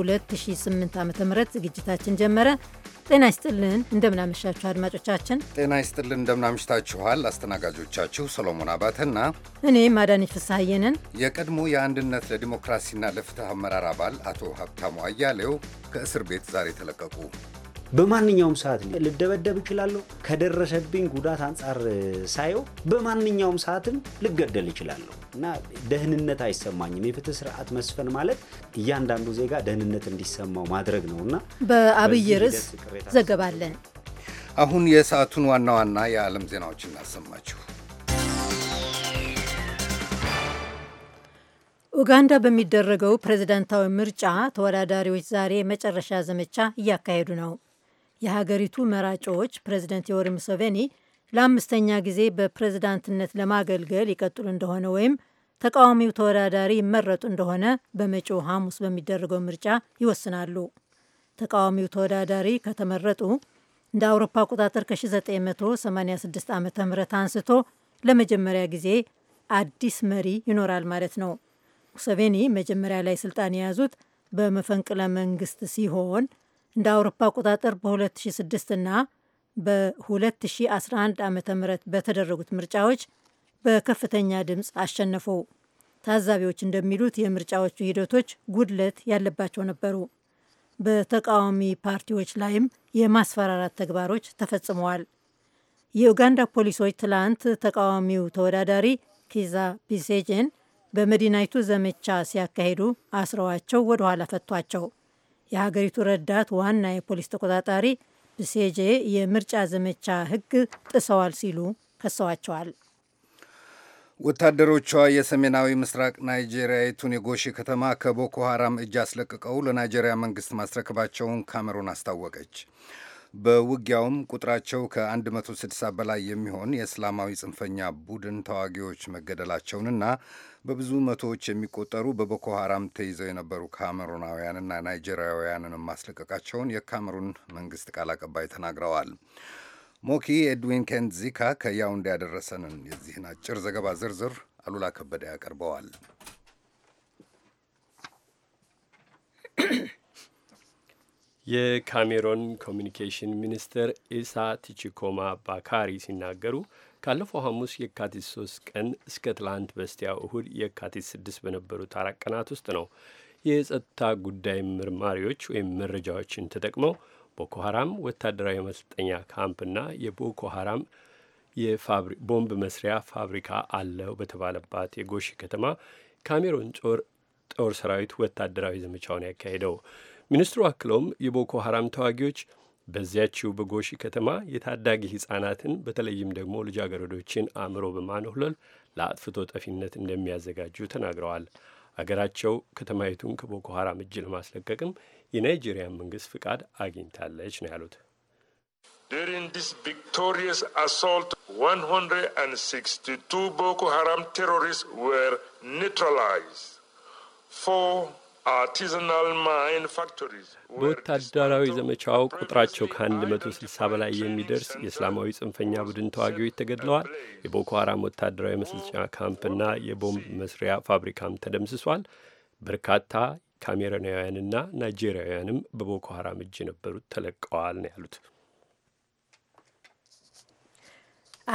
2008 ዓ ም ዝግጅታችን ጀመረ። ጤና ይስጥልን፣ እንደምናመሻችሁ አድማጮቻችን። ጤና ይስጥልን፣ እንደምናምሽታችኋል። አስተናጋጆቻችሁ ሰሎሞን አባተና እኔ ማዳነች ፍሳሐየንን። የቀድሞ የአንድነት ለዲሞክራሲና ለፍትህ አመራር አባል አቶ ሀብታሙ አያሌው ከእስር ቤት ዛሬ ተለቀቁ። በማንኛውም ሰዓት ልደበደብ እችላለሁ። ከደረሰብኝ ጉዳት አንጻር ሳየው በማንኛውም ሰዓትም ልገደል እችላለሁ እና ደህንነት አይሰማኝም። የፍትህ ስርዓት መስፈን ማለት እያንዳንዱ ዜጋ ደህንነት እንዲሰማው ማድረግ ነው እና በአብይ ርዕስ ዘገባለን። አሁን የሰዓቱን ዋና ዋና የዓለም ዜናዎች እናሰማችሁ። ኡጋንዳ በሚደረገው ፕሬዝዳንታዊ ምርጫ ተወዳዳሪዎች ዛሬ መጨረሻ ዘመቻ እያካሄዱ ነው። የሀገሪቱ መራጮች ፕሬዚደንት ዮወሪ ሙሴቬኒ ለአምስተኛ ጊዜ በፕሬዝዳንትነት ለማገልገል ይቀጥሉ እንደሆነ ወይም ተቃዋሚው ተወዳዳሪ ይመረጡ እንደሆነ በመጪው ሐሙስ በሚደረገው ምርጫ ይወስናሉ። ተቃዋሚው ተወዳዳሪ ከተመረጡ እንደ አውሮፓ አቆጣጠር ከ1986 ዓ ም አንስቶ ለመጀመሪያ ጊዜ አዲስ መሪ ይኖራል ማለት ነው። ሙሰቬኒ መጀመሪያ ላይ ስልጣን የያዙት በመፈንቅለ መንግስት ሲሆን እንደ አውሮፓ አቆጣጠር በ2006 እና በ2011 ዓ ም በተደረጉት ምርጫዎች በከፍተኛ ድምፅ አሸነፉ። ታዛቢዎች እንደሚሉት የምርጫዎቹ ሂደቶች ጉድለት ያለባቸው ነበሩ። በተቃዋሚ ፓርቲዎች ላይም የማስፈራራት ተግባሮች ተፈጽመዋል። የኡጋንዳ ፖሊሶች ትላንት ተቃዋሚው ተወዳዳሪ ኪዛ ቢሴጄን በመዲናይቱ ዘመቻ ሲያካሂዱ አስረዋቸው ወደ ኋላ ፈቷቸው። የሀገሪቱ ረዳት ዋና የፖሊስ ተቆጣጣሪ ብሴጄ የምርጫ ዘመቻ ሕግ ጥሰዋል ሲሉ ከሰዋቸዋል። ወታደሮቿ የሰሜናዊ ምስራቅ ናይጄሪያዊቱን የጎሺ ከተማ ከቦኮ ሐራም እጅ አስለቅቀው ለናይጄሪያ መንግሥት ማስረከባቸውን ካሜሩን አስታወቀች። በውጊያውም ቁጥራቸው ከ160 በላይ የሚሆን የእስላማዊ ጽንፈኛ ቡድን ተዋጊዎች መገደላቸውንና በብዙ መቶዎች የሚቆጠሩ በቦኮ ሐራም ተይዘው የነበሩ ካሜሩናውያንና ናይጄሪያውያንን ማስለቀቃቸውን የካሜሩን መንግስት ቃል አቀባይ ተናግረዋል። ሞኪ ኤድዊን ኬንዚካ ከያውንድ ያደረሰንን የዚህን አጭር ዘገባ ዝርዝር አሉላ ከበደ ያቀርበዋል። የካሜሮን ኮሚኒኬሽን ሚኒስትር ኢሳ ቲቺኮማ ባካሪ ሲናገሩ ካለፈው ሐሙስ የካቲት 3 ቀን እስከ ትላንት በስቲያ እሁድ የካቲት 6 በነበሩት አራት ቀናት ውስጥ ነው የጸጥታ ጉዳይ ምርማሪዎች ወይም መረጃዎችን ተጠቅመው ቦኮ ሀራም ወታደራዊ ማሰልጠኛ ካምፕና የቦኮ ሀራም ቦምብ መስሪያ ፋብሪካ አለው በተባለባት የጎሺ ከተማ ካሜሮን ጦር ሰራዊት ወታደራዊ ዘመቻውን ያካሄደው። ሚኒስትሩ አክለውም የቦኮ ሀራም ተዋጊዎች በዚያችው በጎሺ ከተማ የታዳጊ ሕፃናትን በተለይም ደግሞ ልጃገረዶችን አእምሮ በማንሁለል ለአጥፍቶ ጠፊነት እንደሚያዘጋጁ ተናግረዋል። አገራቸው ከተማይቱን ከቦኮ ሀራም እጅ ለማስለቀቅም የናይጄሪያን መንግስት ፍቃድ አግኝታለች ነው ያሉት። During this victorious assault, 162 Boko Haram terrorists were neutralized. Four በወታደራዊ ዘመቻው ቁጥራቸው ከ ስልሳ በላይ የሚደርስ የእስላማዊ ጽንፈኛ ቡድን ተዋጊዎች ተገድለዋል። የቦኮ ሀራም ወታደራዊ መስልጫ ካምፕና የቦምብ መስሪያ ፋብሪካም ተደምስሷል። በርካታ ካሜሮናውያንና ናይጄሪያውያንም በቦኮ ሀራም እጅ የነበሩት ተለቀዋል ነው ያሉት።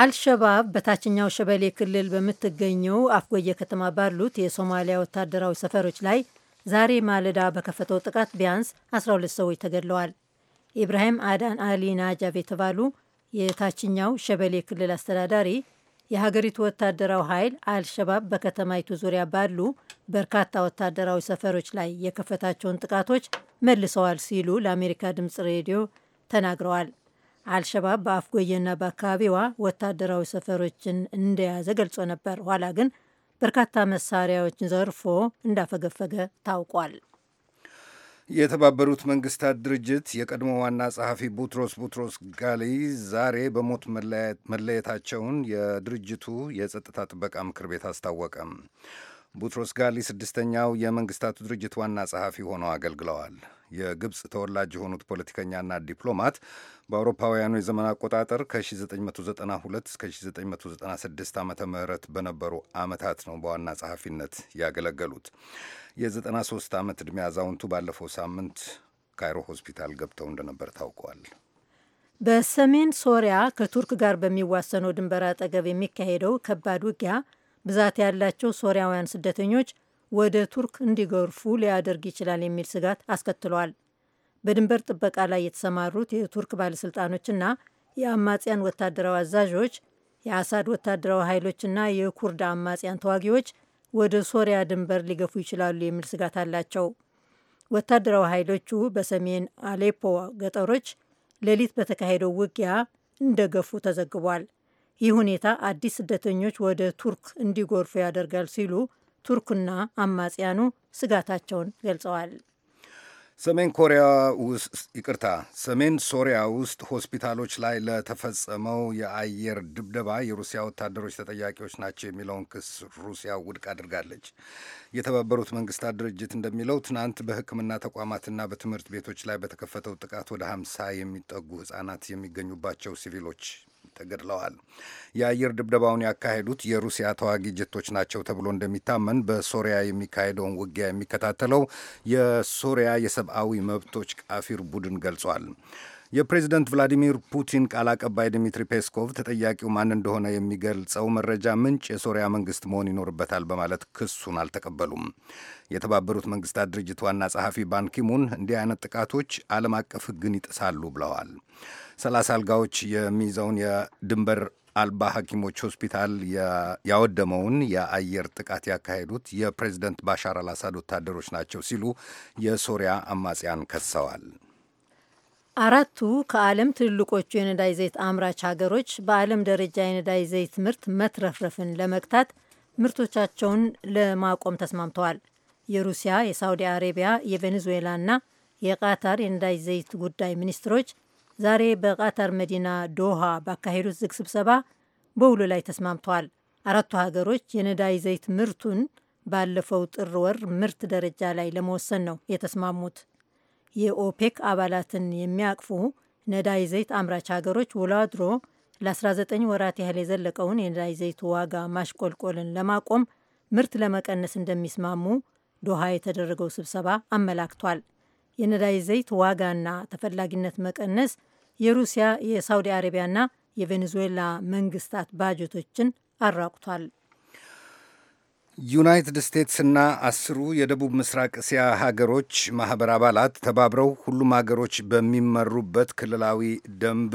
አልሸባብ በታችኛው ሸበሌ ክልል በምትገኘው አፍጎየ ከተማ ባሉት የሶማሊያ ወታደራዊ ሰፈሮች ላይ ዛሬ ማለዳ በከፈተው ጥቃት ቢያንስ 12 ሰዎች ተገድለዋል። ኢብራሂም አዳን አሊ ናጃብ የተባሉ የታችኛው ሸበሌ ክልል አስተዳዳሪ የሀገሪቱ ወታደራዊ ኃይል አልሸባብ በከተማይቱ ዙሪያ ባሉ በርካታ ወታደራዊ ሰፈሮች ላይ የከፈታቸውን ጥቃቶች መልሰዋል ሲሉ ለአሜሪካ ድምፅ ሬዲዮ ተናግረዋል። አልሸባብ በአፍጎዬና በአካባቢዋ ወታደራዊ ሰፈሮችን እንደያዘ ገልጾ ነበር። ኋላ ግን በርካታ መሳሪያዎችን ዘርፎ እንዳፈገፈገ ታውቋል። የተባበሩት መንግስታት ድርጅት የቀድሞ ዋና ጸሐፊ ቡትሮስ ቡትሮስ ጋሊ ዛሬ በሞት መለየታቸውን የድርጅቱ የጸጥታ ጥበቃ ምክር ቤት አስታወቀ። ቡትሮስ ጋሊ ስድስተኛው የመንግስታቱ ድርጅት ዋና ጸሐፊ ሆነው አገልግለዋል። የግብፅ ተወላጅ የሆኑት ፖለቲከኛና ዲፕሎማት በአውሮፓውያኑ የዘመን አቆጣጠር ከ1992 እስከ 1996 ዓ ም በነበሩ ዓመታት ነው በዋና ጸሐፊነት ያገለገሉት። የ93 ዓመት ዕድሜ አዛውንቱ ባለፈው ሳምንት ካይሮ ሆስፒታል ገብተው እንደነበር ታውቋል። በሰሜን ሶሪያ ከቱርክ ጋር በሚዋሰነው ድንበር አጠገብ የሚካሄደው ከባድ ውጊያ ብዛት ያላቸው ሶሪያውያን ስደተኞች ወደ ቱርክ እንዲገርፉ ሊያደርግ ይችላል የሚል ስጋት አስከትሏል። በድንበር ጥበቃ ላይ የተሰማሩት የቱርክ ባለሥልጣኖችና የአማጽያን ወታደራዊ አዛዦች የአሳድ ወታደራዊ ኃይሎችና የኩርድ አማጽያን ተዋጊዎች ወደ ሶሪያ ድንበር ሊገፉ ይችላሉ የሚል ስጋት አላቸው። ወታደራዊ ኃይሎቹ በሰሜን አሌፖ ገጠሮች ሌሊት በተካሄደው ውጊያ እንደገፉ ተዘግቧል። ይህ ሁኔታ አዲስ ስደተኞች ወደ ቱርክ እንዲጎርፉ ያደርጋል ሲሉ ቱርክና አማጽያኑ ስጋታቸውን ገልጸዋል። ሰሜን ኮሪያ ውስጥ ይቅርታ፣ ሰሜን ሶሪያ ውስጥ ሆስፒታሎች ላይ ለተፈጸመው የአየር ድብደባ የሩሲያ ወታደሮች ተጠያቂዎች ናቸው የሚለውን ክስ ሩሲያ ውድቅ አድርጋለች። የተባበሩት መንግስታት ድርጅት እንደሚለው ትናንት በሕክምና ተቋማትና በትምህርት ቤቶች ላይ በተከፈተው ጥቃት ወደ ሀምሳ የሚጠጉ ሕጻናት የሚገኙባቸው ሲቪሎች ተገድለዋል። የአየር ድብደባውን ያካሄዱት የሩሲያ ተዋጊ ጀቶች ናቸው ተብሎ እንደሚታመን በሶሪያ የሚካሄደውን ውጊያ የሚከታተለው የሶሪያ የሰብአዊ መብቶች ቃፊር ቡድን ገልጿል። የፕሬዚደንት ቭላዲሚር ፑቲን ቃል አቀባይ ድሚትሪ ፔስኮቭ ተጠያቂው ማን እንደሆነ የሚገልጸው መረጃ ምንጭ የሶሪያ መንግስት መሆን ይኖርበታል በማለት ክሱን አልተቀበሉም። የተባበሩት መንግስታት ድርጅት ዋና ጸሐፊ ባንኪሙን እንዲህ አይነት ጥቃቶች ዓለም አቀፍ ሕግን ይጥሳሉ ብለዋል። ሰላሳ አልጋዎች የሚይዘውን የድንበር አልባ ሐኪሞች ሆስፒታል ያወደመውን የአየር ጥቃት ያካሄዱት የፕሬዚደንት ባሻር አልአሳድ ወታደሮች ናቸው ሲሉ የሶሪያ አማጽያን ከሰዋል። አራቱ ከዓለም ትልልቆቹ የነዳጅ ዘይት አምራች ሀገሮች በዓለም ደረጃ የነዳጅ ዘይት ምርት መትረፍረፍን ለመግታት ምርቶቻቸውን ለማቆም ተስማምተዋል። የሩሲያ፣ የሳውዲ አረቢያ፣ የቬኔዙዌላና የቃታር የነዳጅ ዘይት ጉዳይ ሚኒስትሮች ዛሬ በቃታር መዲና ዶሃ ባካሄዱት ዝግ ስብሰባ በውሉ ላይ ተስማምተዋል። አራቱ ሀገሮች የነዳጅ ዘይት ምርቱን ባለፈው ጥር ወር ምርት ደረጃ ላይ ለመወሰን ነው የተስማሙት። የኦፔክ አባላትን የሚያቅፉ ነዳጅ ዘይት አምራች ሀገሮች ውሎ አድሮ ለ19 ወራት ያህል የዘለቀውን የነዳጅ ዘይት ዋጋ ማሽቆልቆልን ለማቆም ምርት ለመቀነስ እንደሚስማሙ ዶሃ የተደረገው ስብሰባ አመላክቷል። የነዳጅ ዘይት ዋጋና ተፈላጊነት መቀነስ የሩሲያ የሳውዲ አረቢያና የቬኔዙዌላ መንግስታት ባጀቶችን አራቁቷል። ዩናይትድ ስቴትስና አስሩ የደቡብ ምስራቅ እስያ ሀገሮች ማኅበር አባላት ተባብረው ሁሉም ሀገሮች በሚመሩበት ክልላዊ ደንብ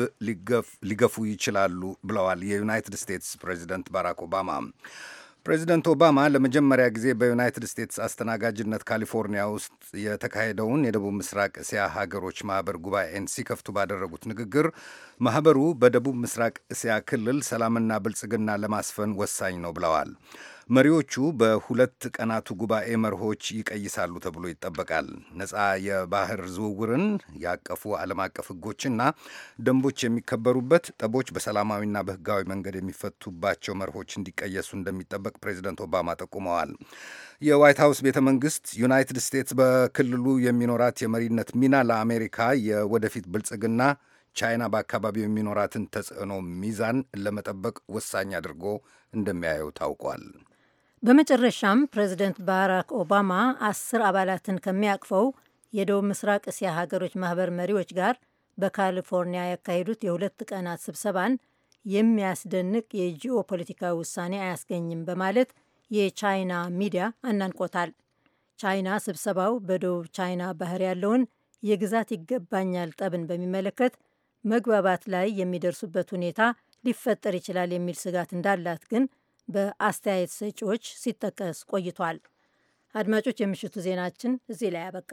ሊገፉ ይችላሉ ብለዋል የዩናይትድ ስቴትስ ፕሬዚደንት ባራክ ኦባማ። ፕሬዚደንት ኦባማ ለመጀመሪያ ጊዜ በዩናይትድ ስቴትስ አስተናጋጅነት ካሊፎርኒያ ውስጥ የተካሄደውን የደቡብ ምስራቅ እስያ ሀገሮች ማህበር ጉባኤን ሲከፍቱ ባደረጉት ንግግር ማህበሩ በደቡብ ምስራቅ እስያ ክልል ሰላምና ብልጽግና ለማስፈን ወሳኝ ነው ብለዋል። መሪዎቹ በሁለት ቀናቱ ጉባኤ መርሆች ይቀይሳሉ ተብሎ ይጠበቃል። ነፃ የባህር ዝውውርን ያቀፉ ዓለም አቀፍ ሕጎችና ደንቦች የሚከበሩበት፣ ጠቦች በሰላማዊና በሕጋዊ መንገድ የሚፈቱባቸው መርሆች እንዲቀየሱ እንደሚጠበቅ ፕሬዚደንት ኦባማ ጠቁመዋል። የዋይት ሀውስ ቤተ መንግስት ዩናይትድ ስቴትስ በክልሉ የሚኖራት የመሪነት ሚና ለአሜሪካ የወደፊት ብልጽግና ቻይና በአካባቢው የሚኖራትን ተጽዕኖ ሚዛን ለመጠበቅ ወሳኝ አድርጎ እንደሚያየው ታውቋል። በመጨረሻም ፕሬዚደንት ባራክ ኦባማ አስር አባላትን ከሚያቅፈው የደቡብ ምስራቅ እስያ ሀገሮች ማህበር መሪዎች ጋር በካሊፎርኒያ ያካሄዱት የሁለት ቀናት ስብሰባን የሚያስደንቅ የጂኦ ፖለቲካዊ ውሳኔ አያስገኝም በማለት የቻይና ሚዲያ አናንቆታል። ቻይና ስብሰባው በደቡብ ቻይና ባህር ያለውን የግዛት ይገባኛል ጠብን በሚመለከት መግባባት ላይ የሚደርሱበት ሁኔታ ሊፈጠር ይችላል የሚል ስጋት እንዳላት ግን በአስተያየት ሰጪዎች ሲጠቀስ ቆይቷል። አድማጮች፣ የምሽቱ ዜናችን እዚህ ላይ አበቃ።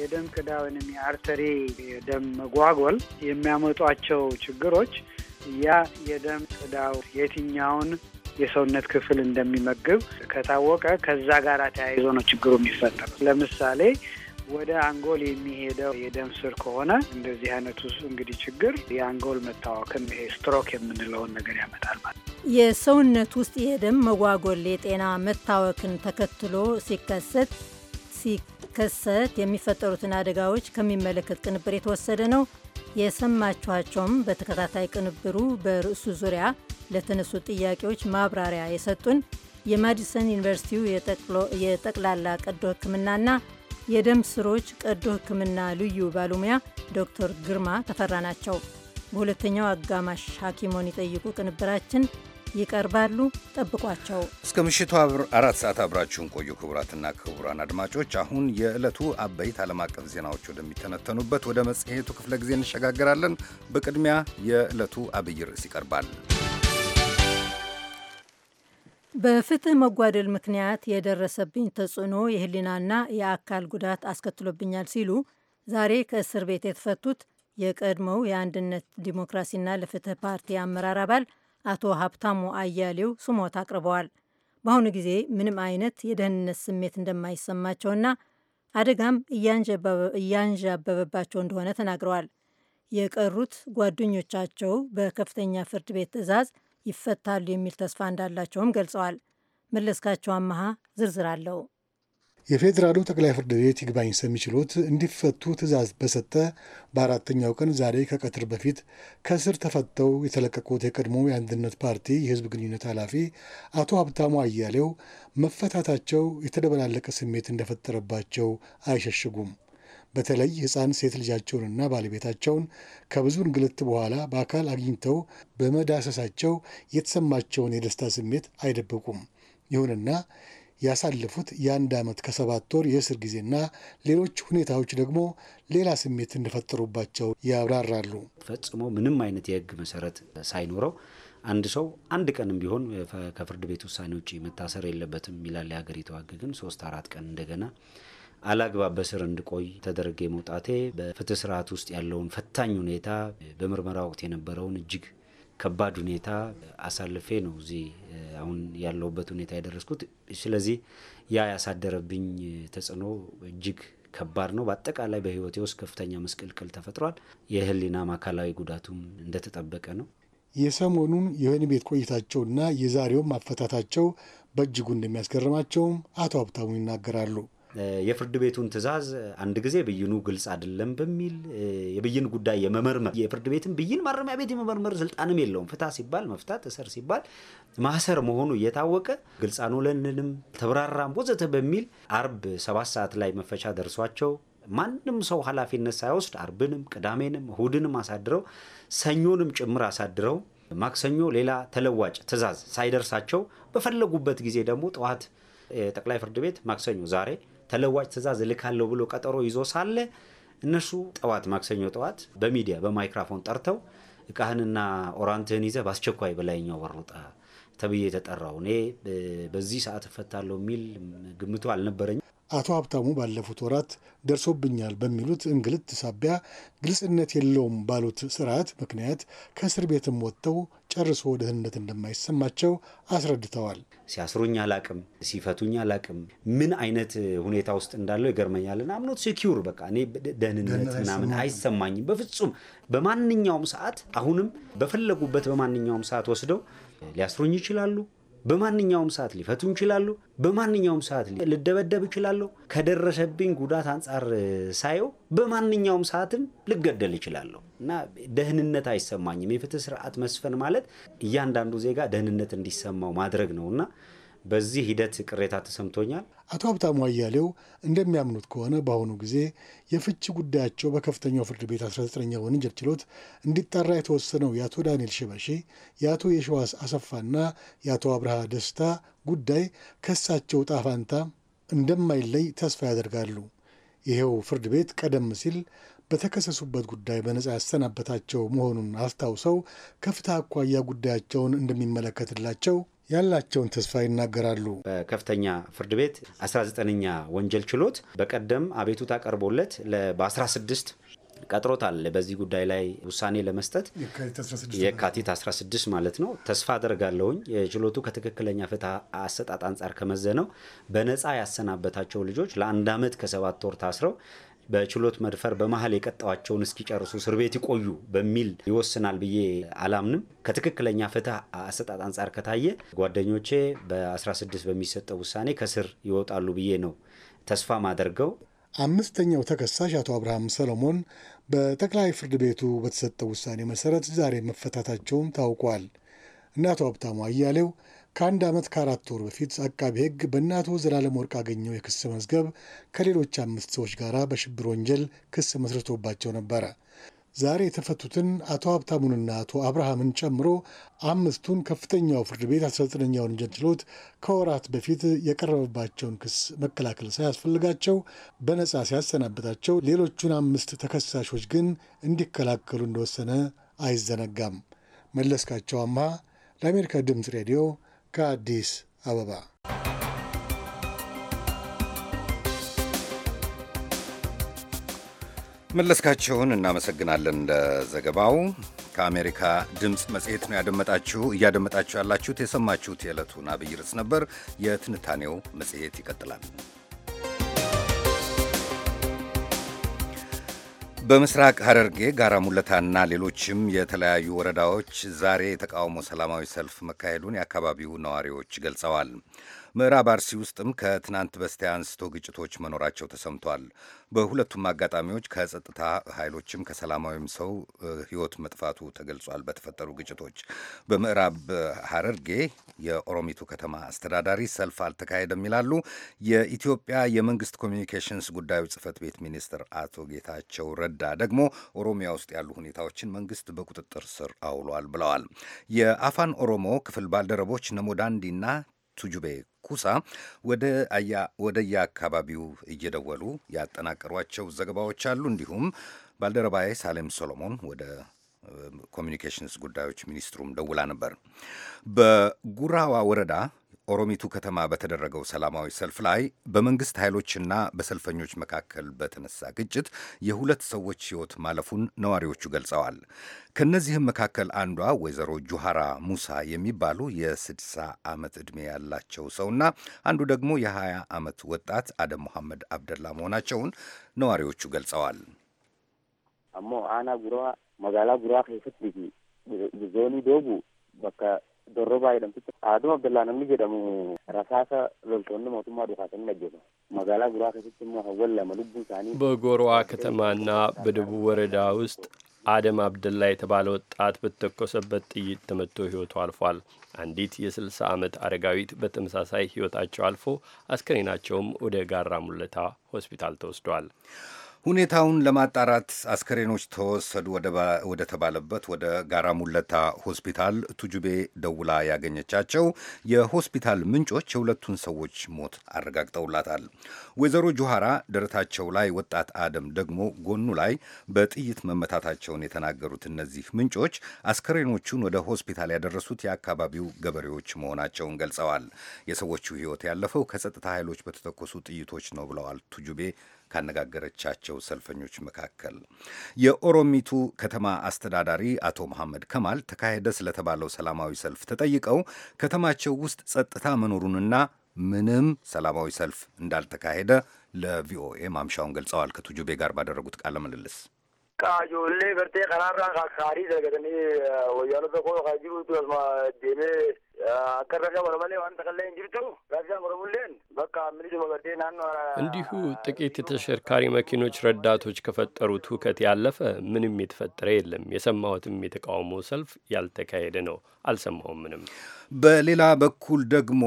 የደም ቅዳ ወይም የአርተሪ የደም መጓጎል የሚያመጧቸው ችግሮች ያ የደም ቅዳው የትኛውን የሰውነት ክፍል እንደሚመግብ ከታወቀ ከዛ ጋር ተያይዞ ነው ችግሩ የሚፈጠሩ። ለምሳሌ ወደ አንጎል የሚሄደው የደም ስር ከሆነ እንደዚህ አይነቱ እንግዲህ ችግር የአንጎል መታወክም ይሄ ስትሮክ የምንለውን ነገር ያመጣል ማለት ነው። የሰውነት ውስጥ የደም መጓጎል የጤና መታወክን ተከትሎ ሲከሰት ሲከሰት የሚፈጠሩትን አደጋዎች ከሚመለከት ቅንብር የተወሰደ ነው። የሰማችኋቸውም በተከታታይ ቅንብሩ በርዕሱ ዙሪያ ለተነሱ ጥያቄዎች ማብራሪያ የሰጡን የማዲሰን ዩኒቨርሲቲው የጠቅላላ ቀዶ ሕክምናና የደም ስሮች ቀዶ ሕክምና ልዩ ባለሙያ ዶክተር ግርማ ተፈራ ናቸው። በሁለተኛው አጋማሽ ሐኪሞን ይጠይቁ ቅንብራችን ይቀርባሉ። ጠብቋቸው። እስከ ምሽቱ አራት ሰዓት አብራችሁን ቆዩ። ክቡራትና ክቡራን አድማጮች አሁን የዕለቱ አበይት ዓለም አቀፍ ዜናዎች ወደሚተነተኑበት ወደ መጽሔቱ ክፍለ ጊዜ እንሸጋገራለን። በቅድሚያ የዕለቱ አብይ ርዕስ ይቀርባል። በፍትህ መጓደል ምክንያት የደረሰብኝ ተጽዕኖ የህሊናና የአካል ጉዳት አስከትሎብኛል ሲሉ ዛሬ ከእስር ቤት የተፈቱት የቀድሞው የአንድነት ዲሞክራሲና ለፍትህ ፓርቲ አመራር አባል አቶ ሀብታሙ አያሌው ስሞታ አቅርበዋል። በአሁኑ ጊዜ ምንም አይነት የደህንነት ስሜት እንደማይሰማቸውና አደጋም እያንዣበበባቸው እንደሆነ ተናግረዋል። የቀሩት ጓደኞቻቸው በከፍተኛ ፍርድ ቤት ትዕዛዝ ይፈታሉ የሚል ተስፋ እንዳላቸውም ገልጸዋል። መለስካቸው አመሃ ዝርዝር አለው። የፌዴራሉ ጠቅላይ ፍርድ ቤት ይግባኝ ሰሚ ችሎት እንዲፈቱ ትእዛዝ በሰጠ በአራተኛው ቀን ዛሬ ከቀትር በፊት ከእስር ተፈተው የተለቀቁት የቀድሞ የአንድነት ፓርቲ የህዝብ ግንኙነት ኃላፊ አቶ ሀብታሙ አያሌው መፈታታቸው የተደበላለቀ ስሜት እንደፈጠረባቸው አይሸሽጉም። በተለይ ሕፃን ሴት ልጃቸውንና ባለቤታቸውን ከብዙ እንግልት በኋላ በአካል አግኝተው በመዳሰሳቸው የተሰማቸውን የደስታ ስሜት አይደብቁም። ይሁንና ያሳለፉት የአንድ ዓመት ከሰባት ወር የእስር ጊዜና ሌሎች ሁኔታዎች ደግሞ ሌላ ስሜት እንደፈጠሩባቸው ያብራራሉ። ፈጽሞ ምንም አይነት የህግ መሰረት ሳይኖረው አንድ ሰው አንድ ቀንም ቢሆን ከፍርድ ቤት ውሳኔ ውጭ መታሰር የለበትም ይላል የሀገሪቱ ሕግ። ግን ሶስት አራት ቀን እንደገና አላግባብ በስር እንድቆይ ተደረገ። መውጣቴ በፍትህ ስርዓት ውስጥ ያለውን ፈታኝ ሁኔታ በምርመራ ወቅት የነበረውን እጅግ ከባድ ሁኔታ አሳልፌ ነው እዚህ አሁን ያለሁበት ሁኔታ የደረስኩት። ስለዚህ ያ ያሳደረብኝ ተጽዕኖ እጅግ ከባድ ነው። በአጠቃላይ በህይወት ውስጥ ከፍተኛ መስቀልቅል ተፈጥሯል። የህሊናም አካላዊ ጉዳቱም እንደተጠበቀ ነው። የሰሞኑን የወህኒ ቤት ቆይታቸውና የዛሬውም አፈታታቸው በእጅጉ እንደሚያስገርማቸውም አቶ ሀብታሙ ይናገራሉ። የፍርድ ቤቱን ትዕዛዝ አንድ ጊዜ ብይኑ ግልጽ አይደለም በሚል የብይን ጉዳይ የመመርመር የፍርድ ቤትን ብይን ማረሚያ ቤት የመመርመር ስልጣንም የለውም። ፍታ ሲባል መፍታት፣ እሰር ሲባል ማሰር መሆኑ እየታወቀ ግልጽ አኖለንንም ተብራራም ወዘተ በሚል አርብ ሰባት ሰዓት ላይ መፈቻ ደርሷቸው ማንም ሰው ኃላፊነት ሳይወስድ አርብንም፣ ቅዳሜንም፣ እሁድንም አሳድረው ሰኞንም ጭምር አሳድረው ማክሰኞ ሌላ ተለዋጭ ትዕዛዝ ሳይደርሳቸው በፈለጉበት ጊዜ ደግሞ ጠዋት ጠቅላይ ፍርድ ቤት ማክሰኞ ዛሬ ተለዋጭ ትእዛዝ እልካለሁ ብሎ ቀጠሮ ይዞ ሳለ እነሱ ጠዋት ማክሰኞ ጠዋት በሚዲያ በማይክራፎን ጠርተው እቃህንና ኦራንትህን ይዘ በአስቸኳይ በላይኛው በሩጣ ተብዬ የተጠራው እኔ በዚህ ሰዓት እፈታለሁ የሚል ግምቱ አልነበረኝ። አቶ ሀብታሙ ባለፉት ወራት ደርሶብኛል በሚሉት እንግልት ሳቢያ ግልጽነት የለውም ባሉት ስርዓት ምክንያት ከእስር ቤትም ወጥተው ጨርሶ ደህንነት እንደማይሰማቸው አስረድተዋል። ሲያስሩኝ አላቅም፣ ሲፈቱኝ አላቅም፣ ምን አይነት ሁኔታ ውስጥ እንዳለው ይገርመኛል። ና ምኖት ሴኪውር በቃ እኔ ደህንነት ምናምን አይሰማኝም በፍጹም በማንኛውም ሰዓት አሁንም በፈለጉበት በማንኛውም ሰዓት ወስደው ሊያስሩኝ ይችላሉ። በማንኛውም ሰዓት ሊፈቱ ይችላሉ። በማንኛውም ሰዓት ልደበደብ እችላለሁ። ከደረሰብኝ ጉዳት አንጻር ሳየው በማንኛውም ሰዓትም ልገደል ይችላለሁ እና ደህንነት አይሰማኝም። የፍትህ ስርዓት መስፈን ማለት እያንዳንዱ ዜጋ ደህንነት እንዲሰማው ማድረግ ነው እና በዚህ ሂደት ቅሬታ ተሰምቶኛል። አቶ ሀብታሙ አያሌው እንደሚያምኑት ከሆነ በአሁኑ ጊዜ የፍች ጉዳያቸው በከፍተኛው ፍርድ ቤት 19ኛ ወንጀል ችሎት እንዲጠራ የተወሰነው የአቶ ዳንኤል ሽበሺ፣ የአቶ የሸዋስ አሰፋና የአቶ አብርሃ ደስታ ጉዳይ ከሳቸው ጣፋንታ እንደማይለይ ተስፋ ያደርጋሉ። ይሄው ፍርድ ቤት ቀደም ሲል በተከሰሱበት ጉዳይ በነጻ ያሰናበታቸው መሆኑን አስታውሰው ከፍትህ አኳያ ጉዳያቸውን እንደሚመለከትላቸው ያላቸውን ተስፋ ይናገራሉ። በከፍተኛ ፍርድ ቤት 19ኛ ወንጀል ችሎት በቀደም አቤቱታ ቀርቦለት በ16 ቀጥሮታል። በዚህ ጉዳይ ላይ ውሳኔ ለመስጠት የካቲት 16 ማለት ነው። ተስፋ አደርጋለሁኝ ችሎቱ ከትክክለኛ ፍትህ አሰጣጥ አንጻር ከመዘነው በነፃ ያሰናበታቸው ልጆች ለአንድ ዓመት ከሰባት ወር ታስረው በችሎት መድፈር በመሀል የቀጠዋቸውን እስኪጨርሱ እስር ቤት ይቆዩ በሚል ይወስናል ብዬ አላምንም። ከትክክለኛ ፍትህ አሰጣጥ አንጻር ከታየ ጓደኞቼ በ16 በሚሰጠው ውሳኔ ከስር ይወጣሉ ብዬ ነው ተስፋ ማደርገው። አምስተኛው ተከሳሽ አቶ አብርሃም ሰሎሞን በጠቅላይ ፍርድ ቤቱ በተሰጠው ውሳኔ መሰረት ዛሬ መፈታታቸውም ታውቋል። እና አቶ ሀብታሙ አያሌው ከአንድ ዓመት ከአራት ወር በፊት አቃቢ ሕግ በእነ አቶ ዘላለም ወርቅ አገኘው የክስ መዝገብ ከሌሎች አምስት ሰዎች ጋር በሽብር ወንጀል ክስ መስርቶባቸው ነበረ። ዛሬ የተፈቱትን አቶ ሀብታሙንና አቶ አብርሃምን ጨምሮ አምስቱን ከፍተኛው ፍርድ ቤት 19ኛ ወንጀል ችሎት ከወራት በፊት የቀረበባቸውን ክስ መከላከል ሳያስፈልጋቸው በነጻ ሲያሰናበታቸው፣ ሌሎቹን አምስት ተከሳሾች ግን እንዲከላከሉ እንደወሰነ አይዘነጋም። መለስካቸው አምሃ ለአሜሪካ ድምፅ ሬዲዮ ከአዲስ አበባ መለስካቸውን እናመሰግናለን ለዘገባው። ከአሜሪካ ድምፅ መጽሔት ነው ያደመጣችሁ እያደመጣችሁ ያላችሁት። የሰማችሁት የዕለቱን አብይ ርዕስ ነበር። የትንታኔው መጽሔት ይቀጥላል። በምስራቅ ሐረርጌ ጋራ ሙለታና ሌሎችም የተለያዩ ወረዳዎች ዛሬ የተቃውሞ ሰላማዊ ሰልፍ መካሄዱን የአካባቢው ነዋሪዎች ገልጸዋል። ምዕራብ አርሲ ውስጥም ከትናንት በስቲያ አንስቶ ግጭቶች መኖራቸው ተሰምቷል። በሁለቱም አጋጣሚዎች ከጸጥታ ኃይሎችም ከሰላማዊም ሰው ሕይወት መጥፋቱ ተገልጿል። በተፈጠሩ ግጭቶች በምዕራብ ሐረርጌ የኦሮሚቱ ከተማ አስተዳዳሪ ሰልፍ አልተካሄደም ይላሉ የኢትዮጵያ የመንግስት ኮሚኒኬሽንስ ጉዳዮች ጽህፈት ቤት ሚኒስትር አቶ ጌታቸው ረዳ ደግሞ ኦሮሚያ ውስጥ ያሉ ሁኔታዎችን መንግስት በቁጥጥር ስር አውሏል ብለዋል። የአፋን ኦሮሞ ክፍል ባልደረቦች ነሞዳንዲና ቱጁቤ ኩሳ ወደ አካባቢው እየደወሉ ያጠናቀሯቸው ዘገባዎች አሉ። እንዲሁም ባልደረባዬ ሳሌም ሶሎሞን ወደ ኮሚኒኬሽንስ ጉዳዮች ሚኒስትሩም ደውላ ነበር። በጉራዋ ወረዳ ኦሮሚቱ ከተማ በተደረገው ሰላማዊ ሰልፍ ላይ በመንግስት ኃይሎችና በሰልፈኞች መካከል በተነሳ ግጭት የሁለት ሰዎች ሕይወት ማለፉን ነዋሪዎቹ ገልጸዋል። ከእነዚህም መካከል አንዷ ወይዘሮ ጁሃራ ሙሳ የሚባሉ የ60 ዓመት ዕድሜ ያላቸው ሰውና አንዱ ደግሞ የ20 ዓመት ወጣት አደም መሐመድ አብደላ መሆናቸውን ነዋሪዎቹ ገልጸዋል። አሞ አና ጉራ መጋላ ጉራ ብዞኒ ዶቡ በካ dorrobaa jedhamtitti haaduma Abdullaan namni jedhamu rasaasa loltoonni mootummaa dhukaasanii ajjeesu. magaalaa guraa keessatti immoo hawwan lama lubbuu isaanii በጎሮዋ ከተማና በደቡብ ወረዳ ውስጥ አደም አብደላ የተባለ ወጣት በተተኮሰበት ጥይት ተመትቶ ህይወቱ አልፏል። አንዲት የ60 ዓመት አረጋዊት በተመሳሳይ ህይወታቸው አልፎ አስከሬናቸውም ወደ ጋራ ሙለታ ሆስፒታል ተወስዷል። ሁኔታውን ለማጣራት አስከሬኖች ተወሰዱ ወደ ተባለበት ወደ ጋራ ሙለታ ሆስፒታል ቱጁቤ ደውላ ያገኘቻቸው የሆስፒታል ምንጮች የሁለቱን ሰዎች ሞት አረጋግጠውላታል። ወይዘሮ ጆሃራ ደረታቸው ላይ፣ ወጣት አደም ደግሞ ጎኑ ላይ በጥይት መመታታቸውን የተናገሩት እነዚህ ምንጮች አስከሬኖቹን ወደ ሆስፒታል ያደረሱት የአካባቢው ገበሬዎች መሆናቸውን ገልጸዋል። የሰዎቹ ሕይወት ያለፈው ከጸጥታ ኃይሎች በተተኮሱ ጥይቶች ነው ብለዋል ቱጁቤ ካነጋገረቻቸው ሰልፈኞች መካከል የኦሮሚቱ ከተማ አስተዳዳሪ አቶ መሐመድ ከማል ተካሄደ ስለተባለው ሰላማዊ ሰልፍ ተጠይቀው ከተማቸው ውስጥ ጸጥታ መኖሩንና ምንም ሰላማዊ ሰልፍ እንዳልተካሄደ ለቪኦኤ ማምሻውን ገልጸዋል። ከቱጁቤ ጋር ባደረጉት ቃለ ምልልስ Ka wayyaanota koo asuma deemee eh, akka irra qaban malee waan hin jirtu eh, እንዲሁ ጥቂት የተሽከርካሪ መኪኖች ረዳቶች ከፈጠሩት ሁከት ያለፈ ምንም የተፈጠረ የለም። የሰማሁትም የተቃውሞ ሰልፍ ያልተካሄደ ነው። አልሰማሁም ምንም። በሌላ በኩል ደግሞ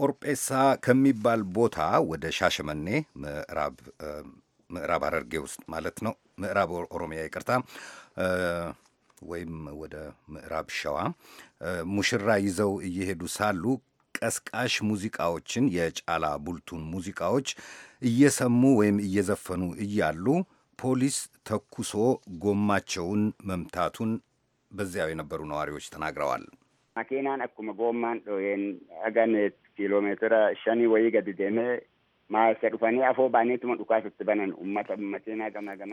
ቆርጴሳ ከሚባል ቦታ ወደ ሻሸመኔ ምዕራብ ምዕራብ ሐረርጌ ውስጥ ማለት ነው። ምዕራብ ኦሮሚያ ይቅርታ፣ ወይም ወደ ምዕራብ ሸዋ ሙሽራ ይዘው እየሄዱ ሳሉ ቀስቃሽ ሙዚቃዎችን የጫላ ቡልቱን ሙዚቃዎች እየሰሙ ወይም እየዘፈኑ እያሉ ፖሊስ ተኩሶ ጎማቸውን መምታቱን በዚያው የነበሩ ነዋሪዎች ተናግረዋል። መኪናን አኩመ ጎማን ዶዬን አገሜት ኪሎ ሜትር ሸኒ ወይ ገድዴሜ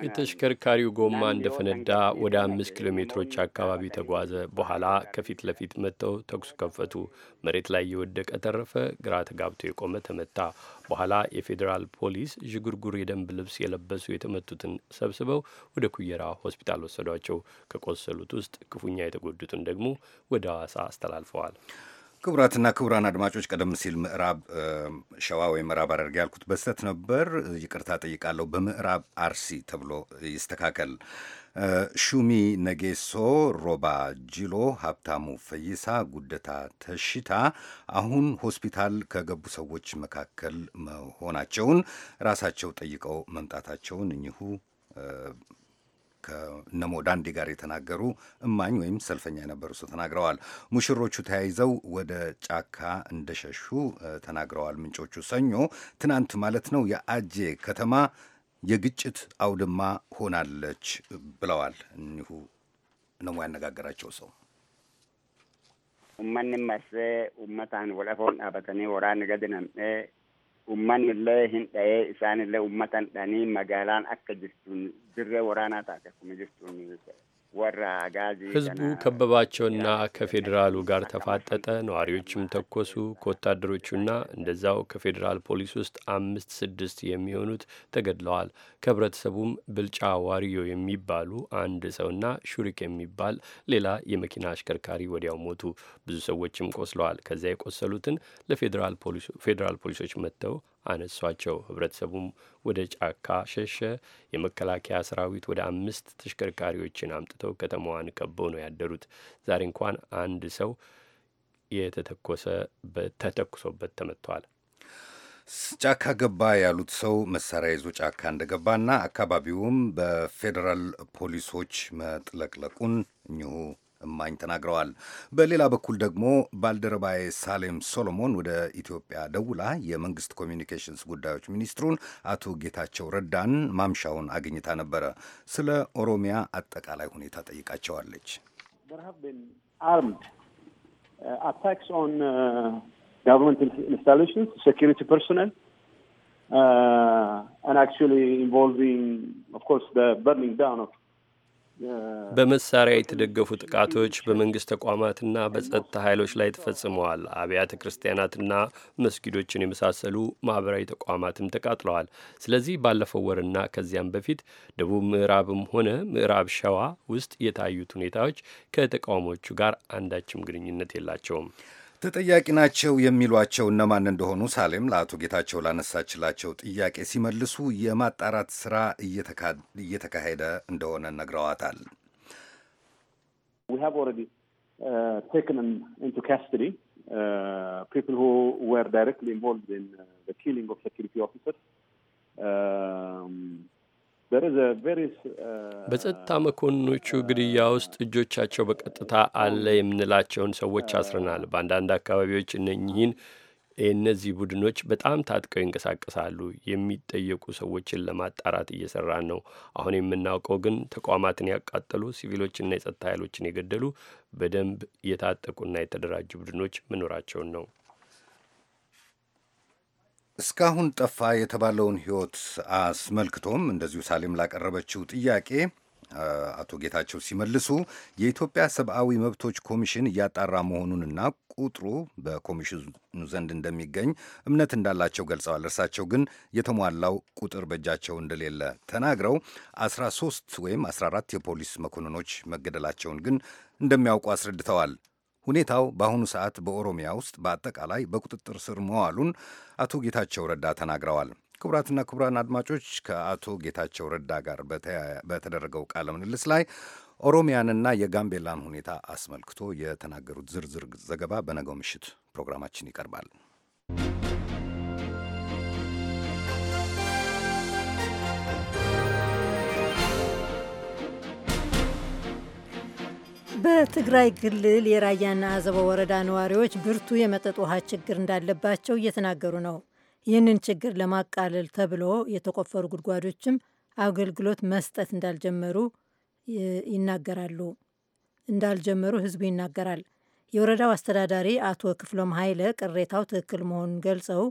የተሽከርካሪው ጎማ እንደፈነዳ ወደ አምስት ኪሎ ሜትሮች አካባቢ ተጓዘ። በኋላ ከፊት ለፊት መጥተው ተኩስ ከፈቱ። መሬት ላይ የወደቀ ተረፈ። ግራ ተጋብቶ የቆመ ተመታ። በኋላ የፌዴራል ፖሊስ ዥጉርጉር የደንብ ልብስ የለበሱ የተመቱትን ሰብስበው ወደ ኩየራ ሆስፒታል ወሰዷቸው። ከቆሰሉት ውስጥ ክፉኛ የተጎዱትን ደግሞ ወደ ሐዋሳ አስተላልፈዋል። ክቡራትና ክቡራን አድማጮች ቀደም ሲል ምዕራብ ሸዋ ወይም ምዕራብ አደርግ ያልኩት በስተት ነበር። ይቅርታ ጠይቃለሁ። በምዕራብ አርሲ ተብሎ ይስተካከል። ሹሚ ነጌሶ፣ ሮባ ጅሎ፣ ሀብታሙ ፈይሳ፣ ጉደታ ተሽታ አሁን ሆስፒታል ከገቡ ሰዎች መካከል መሆናቸውን ራሳቸው ጠይቀው መምጣታቸውን እኚሁ ከነሞ ዳንዴ ጋር የተናገሩ እማኝ ወይም ሰልፈኛ የነበሩ ሰው ተናግረዋል። ሙሽሮቹ ተያይዘው ወደ ጫካ እንደሸሹ ተናግረዋል። ምንጮቹ ሰኞ ትናንት ማለት ነው የአጄ ከተማ የግጭት አውድማ ሆናለች ብለዋል። እኒሁ ነሞ ያነጋገራቸው ሰው ማንም መስ ኡመታን ወለፎን አበተኔ ወራን ገድነም Uummanni illee hin dha'ee isaan illee uummata hin magaalaan akka jirtuun jirre waraanaa taate akkuma jirtuun. ህዝቡ ከበባቸውና ከፌዴራሉ ጋር ተፋጠጠ። ነዋሪዎችም ተኮሱ። ከወታደሮቹና እንደዛው ከፌዴራል ፖሊስ ውስጥ አምስት ስድስት የሚሆኑት ተገድለዋል። ከህብረተሰቡም ብልጫ ዋሪዮ የሚባሉ አንድ ሰውና ሹሪክ የሚባል ሌላ የመኪና አሽከርካሪ ወዲያው ሞቱ። ብዙ ሰዎችም ቆስለዋል። ከዚያ የቆሰሉትን ለፌዴራል ፖሊሶች መጥተው አነሷቸው። ህብረተሰቡም ወደ ጫካ ሸሸ። የመከላከያ ሰራዊት ወደ አምስት ተሽከርካሪዎችን አምጥተው ከተማዋን ከበው ነው ያደሩት። ዛሬ እንኳን አንድ ሰው የተተኮሰ ተተኩሶበት ተመጥተዋል። ጫካ ገባ ያሉት ሰው መሳሪያ ይዞ ጫካ እንደገባና አካባቢውም በፌዴራል ፖሊሶች መጥለቅለቁን እኚሁ እማኝ ተናግረዋል። በሌላ በኩል ደግሞ ባልደረባዬ ሳሌም ሶሎሞን ወደ ኢትዮጵያ ደውላ የመንግስት ኮሚኒኬሽንስ ጉዳዮች ሚኒስትሩን አቶ ጌታቸው ረዳን ማምሻውን አግኝታ ነበረ። ስለ ኦሮሚያ አጠቃላይ ሁኔታ ጠይቃቸዋለች። ኢንስታሌሽንስ ኮርስ ፐርሶናል ዳውን ኦፍ በመሳሪያ የተደገፉ ጥቃቶች በመንግስት ተቋማትና በጸጥታ ኃይሎች ላይ ተፈጽመዋል። አብያተ ክርስቲያናትና መስጊዶችን የመሳሰሉ ማኅበራዊ ተቋማትም ተቃጥለዋል። ስለዚህ ባለፈው ወርና ከዚያም በፊት ደቡብ ምዕራብም ሆነ ምዕራብ ሸዋ ውስጥ የታዩት ሁኔታዎች ከተቃውሞቹ ጋር አንዳችም ግንኙነት የላቸውም። ተጠያቂ ናቸው የሚሏቸው እነማን እንደሆኑ ሳሌም ለአቶ ጌታቸው ላነሳችላቸው ጥያቄ ሲመልሱ የማጣራት ስራ እየተካሄደ እንደሆነ ነግረዋታል። ፒፕል Uh, በጸጥታ መኮንኖቹ ግድያ ውስጥ እጆቻቸው በቀጥታ አለ የምንላቸውን ሰዎች አስረናል። በአንዳንድ አካባቢዎች እነኚህን የእነዚህ ቡድኖች በጣም ታጥቀው ይንቀሳቀሳሉ። የሚጠየቁ ሰዎችን ለማጣራት እየሰራን ነው። አሁን የምናውቀው ግን ተቋማትን ያቃጠሉ፣ ሲቪሎችና የጸጥታ ኃይሎችን የገደሉ በደንብ የታጠቁና የተደራጁ ቡድኖች መኖራቸውን ነው። እስካሁን ጠፋ የተባለውን ሕይወት አስመልክቶም እንደዚሁ ሳሌም ላቀረበችው ጥያቄ አቶ ጌታቸው ሲመልሱ የኢትዮጵያ ሰብአዊ መብቶች ኮሚሽን እያጣራ መሆኑንና ቁጥሩ በኮሚሽኑ ዘንድ እንደሚገኝ እምነት እንዳላቸው ገልጸዋል። እርሳቸው ግን የተሟላው ቁጥር በእጃቸው እንደሌለ ተናግረው 13 ወይም 14 የፖሊስ መኮንኖች መገደላቸውን ግን እንደሚያውቁ አስረድተዋል። ሁኔታው በአሁኑ ሰዓት በኦሮሚያ ውስጥ በአጠቃላይ በቁጥጥር ስር መዋሉን አቶ ጌታቸው ረዳ ተናግረዋል። ክቡራትና ክቡራን አድማጮች ከአቶ ጌታቸው ረዳ ጋር በተደረገው ቃለ ምልልስ ላይ ኦሮሚያንና የጋምቤላን ሁኔታ አስመልክቶ የተናገሩት ዝርዝር ዘገባ በነገው ምሽት ፕሮግራማችን ይቀርባል። በትግራይ ክልል የራያና አዘቦ ወረዳ ነዋሪዎች ብርቱ የመጠጥ ውሃ ችግር እንዳለባቸው እየተናገሩ ነው። ይህንን ችግር ለማቃለል ተብሎ የተቆፈሩ ጉድጓዶችም አገልግሎት መስጠት እንዳልጀመሩ ይናገራሉ እንዳልጀመሩ ህዝቡ ይናገራል። የወረዳው አስተዳዳሪ አቶ ክፍሎም ኃይለ ቅሬታው ትክክል መሆኑን ገልጸው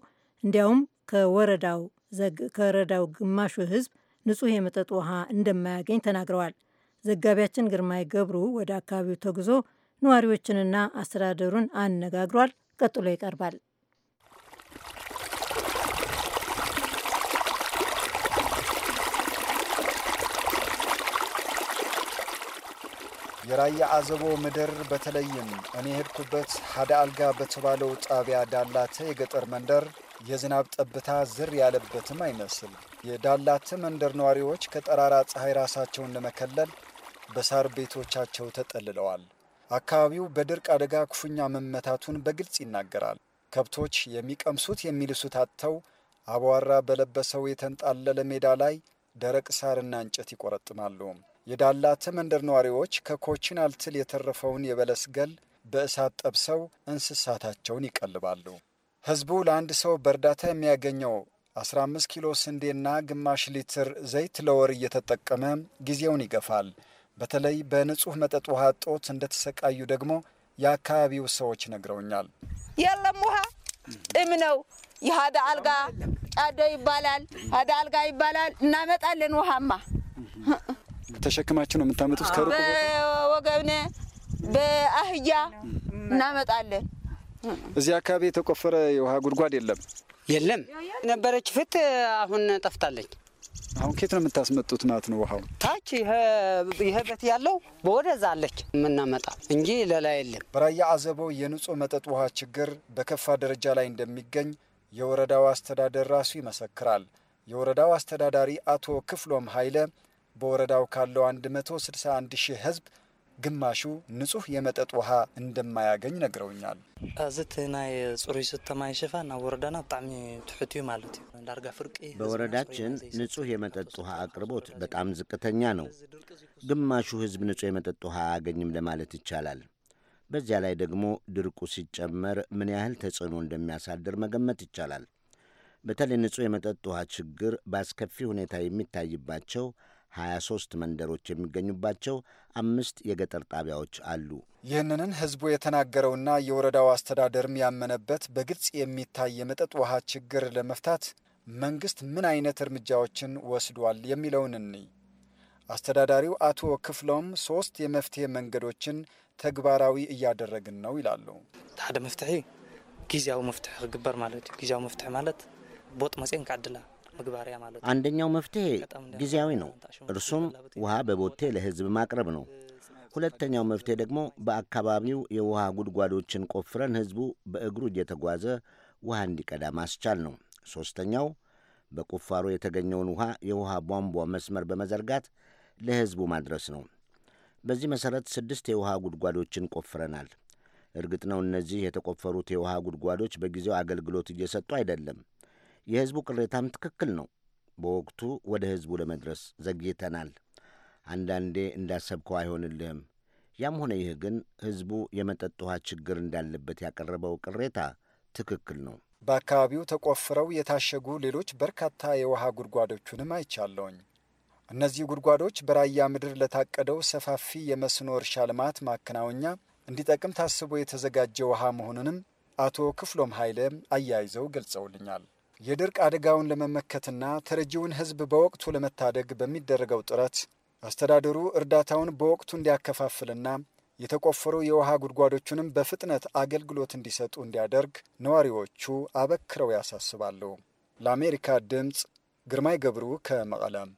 እንዲያውም ከወረዳው ግማሹ ህዝብ ንጹህ የመጠጥ ውሃ እንደማያገኝ ተናግረዋል። ዘጋቢያችን ግርማይ ገብሩ ወደ አካባቢው ተጉዞ ነዋሪዎችንና አስተዳደሩን አነጋግሯል። ቀጥሎ ይቀርባል። የራያ አዘቦ ምድር በተለይም እኔ ሄድኩበት ሀደ አልጋ በተባለው ጣቢያ ዳላተ የገጠር መንደር የዝናብ ጠብታ ዝር ያለበትም አይመስል የዳላተ መንደር ነዋሪዎች ከጠራራ ፀሐይ ራሳቸውን ለመከለል በሳር ቤቶቻቸው ተጠልለዋል። አካባቢው በድርቅ አደጋ ክፉኛ መመታቱን በግልጽ ይናገራል። ከብቶች የሚቀምሱት የሚልሱት አጥተው አቧራ በለበሰው የተንጣለለ ሜዳ ላይ ደረቅ ሳርና እንጨት ይቆረጥማሉ። የዳላተ መንደር ነዋሪዎች ከኮችን አልትል የተረፈውን የበለስ ገል በእሳት ጠብሰው እንስሳታቸውን ይቀልባሉ። ሕዝቡ ለአንድ ሰው በእርዳታ የሚያገኘው 15 ኪሎ ስንዴና ግማሽ ሊትር ዘይት ለወር እየተጠቀመ ጊዜውን ይገፋል። በተለይ በንጹህ መጠጥ ውሃ እጦት እንደተሰቃዩ ደግሞ የአካባቢው ሰዎች ነግረውኛል። የለም ውሃ ጥም ነው። የሀደ አልጋ ጫዶ ይባላል፣ ሀደ አልጋ ይባላል። እናመጣለን ውሃማ ተሸክማችሁ ነው የምታመጡት? ከሩቅ በወገብነ በአህያ እናመጣለን። እዚህ አካባቢ የተቆፈረ የውሃ ጉድጓድ የለም። የለም ነበረች ፍት አሁን ጠፍታለች። አሁን ኬት ነው የምታስመጡት ማለት ነው? ውሃው ታች ይሄ ቤት ያለው ወደዛ አለች የምናመጣ እንጂ ለላይ የለም። በራያ አዘቦ የንጹህ መጠጥ ውሃ ችግር በከፋ ደረጃ ላይ እንደሚገኝ የወረዳው አስተዳደር ራሱ ይመሰክራል። የወረዳው አስተዳዳሪ አቶ ክፍሎም ኃይለ በወረዳው ካለው 161 ሺህ ህዝብ ግማሹ ንጹህ የመጠጥ ውሃ እንደማያገኝ ነግረውኛል። እዚቲ ናይ ፅሩይ ስተ ማይ ሽፋን ኣብ ወረዳና ብጣዕሚ ትሑት እዩ ማለት እዩ ዳርጋ ፍርቂ በወረዳችን ንጹህ የመጠጥ ውሃ አቅርቦት በጣም ዝቅተኛ ነው። ግማሹ ህዝብ ንጹህ የመጠጥ ውሃ አያገኝም ለማለት ይቻላል። በዚያ ላይ ደግሞ ድርቁ ሲጨመር ምን ያህል ተጽዕኖ እንደሚያሳድር መገመት ይቻላል። በተለይ ንጹህ የመጠጥ ውሃ ችግር በአስከፊ ሁኔታ የሚታይባቸው 23 መንደሮች የሚገኙባቸው አምስት የገጠር ጣቢያዎች አሉ። ይህንን ህዝቡ የተናገረውና የወረዳው አስተዳደርም ያመነበት በግልጽ የሚታይ የመጠጥ ውሃ ችግር ለመፍታት መንግስት ምን አይነት እርምጃዎችን ወስዷል የሚለውን እኒ? አስተዳዳሪው አቶ ክፍሎም ሶስት የመፍትሄ መንገዶችን ተግባራዊ እያደረግን ነው ይላሉ። ሓደ መፍትሒ ግዜያዊ መፍትሒ ክግበር ማለት እዩ ግዜያዊ መፍትሒ ማለት ቦጥ መፅን ካድላ አንደኛው መፍትሄ ጊዜያዊ ነው። እርሱም ውሃ በቦቴ ለህዝብ ማቅረብ ነው። ሁለተኛው መፍትሄ ደግሞ በአካባቢው የውሃ ጉድጓዶችን ቆፍረን ህዝቡ በእግሩ እየተጓዘ ውሃ እንዲቀዳ ማስቻል ነው። ሦስተኛው በቁፋሮ የተገኘውን ውሃ የውሃ ቧንቧ መስመር በመዘርጋት ለህዝቡ ማድረስ ነው። በዚህ መሠረት ስድስት የውሃ ጉድጓዶችን ቆፍረናል። እርግጥ ነው እነዚህ የተቆፈሩት የውሃ ጉድጓዶች በጊዜው አገልግሎት እየሰጡ አይደለም። የሕዝቡ ቅሬታም ትክክል ነው። በወቅቱ ወደ ሕዝቡ ለመድረስ ዘግይተናል። አንዳንዴ እንዳሰብከው አይሆንልህም። ያም ሆነ ይህ ግን ሕዝቡ የመጠጥ ውሃ ችግር እንዳለበት ያቀረበው ቅሬታ ትክክል ነው። በአካባቢው ተቆፍረው የታሸጉ ሌሎች በርካታ የውሃ ጉድጓዶቹንም አይቻለውኝ። እነዚህ ጉድጓዶች በራያ ምድር ለታቀደው ሰፋፊ የመስኖ እርሻ ልማት ማከናወኛ እንዲጠቅም ታስቦ የተዘጋጀ ውሃ መሆኑንም አቶ ክፍሎም ኃይለ አያይዘው ገልጸውልኛል። የድርቅ አደጋውን ለመመከትና ተረጂውን ህዝብ በወቅቱ ለመታደግ በሚደረገው ጥረት አስተዳደሩ እርዳታውን በወቅቱ እንዲያከፋፍልና የተቆፈሩ የውሃ ጉድጓዶቹንም በፍጥነት አገልግሎት እንዲሰጡ እንዲያደርግ ነዋሪዎቹ አበክረው ያሳስባሉ። ለአሜሪካ ድምፅ ግርማይ ገብሩ ከመቐለም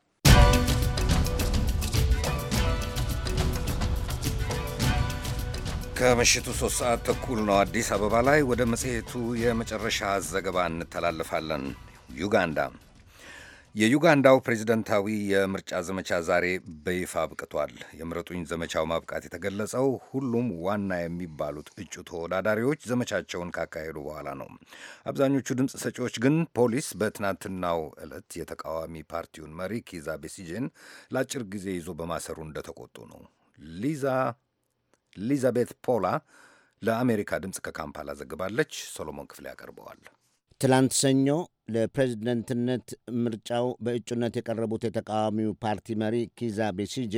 ከምሽቱ ሶስት ሰዓት ተኩል ነው አዲስ አበባ ላይ። ወደ መጽሔቱ የመጨረሻ ዘገባ እንተላልፋለን። ዩጋንዳ የዩጋንዳው ፕሬዚደንታዊ የምርጫ ዘመቻ ዛሬ በይፋ አብቅቷል። የምረጡኝ ዘመቻው ማብቃት የተገለጸው ሁሉም ዋና የሚባሉት እጩ ተወዳዳሪዎች ዘመቻቸውን ካካሄዱ በኋላ ነው። አብዛኞቹ ድምፅ ሰጪዎች ግን ፖሊስ በትናንትናው ዕለት የተቃዋሚ ፓርቲውን መሪ ኪዛ ቤሲጄን ለአጭር ጊዜ ይዞ በማሰሩ እንደተቆጡ ነው። ሊዛ ሊዛቤት ፖላ ለአሜሪካ ድምፅ ከካምፓላ ዘግባለች። ሶሎሞን ክፍሌ ያቀርበዋል። ትላንት ሰኞ ለፕሬዝደንትነት ምርጫው በእጩነት የቀረቡት የተቃዋሚው ፓርቲ መሪ ኪዛ ቤሲጄ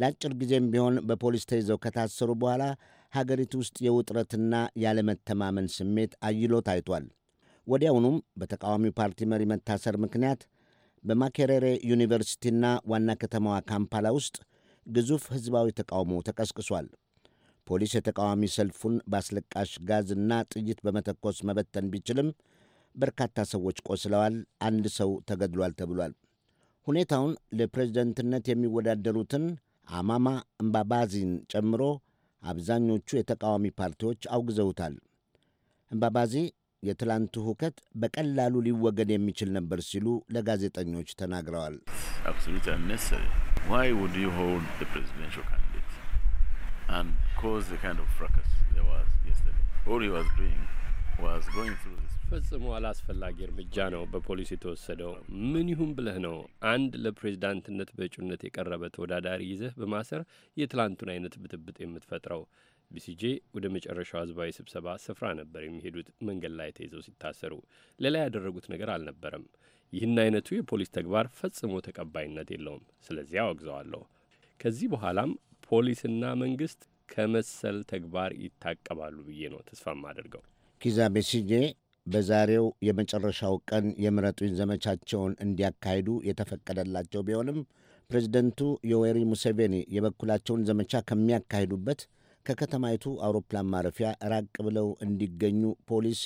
ለአጭር ጊዜም ቢሆን በፖሊስ ተይዘው ከታሰሩ በኋላ ሀገሪቱ ውስጥ የውጥረትና ያለመተማመን ስሜት አይሎ ታይቷል። ወዲያውኑም በተቃዋሚው ፓርቲ መሪ መታሰር ምክንያት በማኬሬሬ ዩኒቨርሲቲና ዋና ከተማዋ ካምፓላ ውስጥ ግዙፍ ሕዝባዊ ተቃውሞ ተቀስቅሷል። ፖሊስ የተቃዋሚ ሰልፉን በአስለቃሽ ጋዝና ጥይት በመተኮስ መበተን ቢችልም በርካታ ሰዎች ቆስለዋል፣ አንድ ሰው ተገድሏል ተብሏል። ሁኔታውን ለፕሬዝደንትነት የሚወዳደሩትን አማማ እምባባዚን ጨምሮ አብዛኞቹ የተቃዋሚ ፓርቲዎች አውግዘውታል። እምባባዚ የትላንቱ ሁከት በቀላሉ ሊወገድ የሚችል ነበር ሲሉ ለጋዜጠኞች ተናግረዋል። why would you hold the presidential candidate and cause the kind of fracas there was yesterday? All he was doing was going through this. ፈጽሞ አላስፈላጊ እርምጃ ነው በፖሊስ የተወሰደው። ምን ይሁን ብለህ ነው አንድ ለፕሬዚዳንትነት በእጩነት የቀረበ ተወዳዳሪ ይዘህ በማሰር የትላንቱን አይነት ብጥብጥ የምትፈጥረው? ቢሲጄ ወደ መጨረሻው ህዝባዊ ስብሰባ ስፍራ ነበር የሚሄዱት። መንገድ ላይ ተይዘው ሲታሰሩ ሌላ ያደረጉት ነገር አልነበረም። ይህን አይነቱ የፖሊስ ተግባር ፈጽሞ ተቀባይነት የለውም። ስለዚህ አወግዘዋለሁ። ከዚህ በኋላም ፖሊስና መንግስት ከመሰል ተግባር ይታቀባሉ ብዬ ነው ተስፋ ማደርገው። ኪዛ ቤሲጌ በዛሬው የመጨረሻው ቀን የምረጡኝ ዘመቻቸውን እንዲያካሂዱ የተፈቀደላቸው ቢሆንም ፕሬዚደንቱ ዮዌሪ ሙሴቬኒ የበኩላቸውን ዘመቻ ከሚያካሂዱበት ከከተማይቱ አውሮፕላን ማረፊያ ራቅ ብለው እንዲገኙ ፖሊስ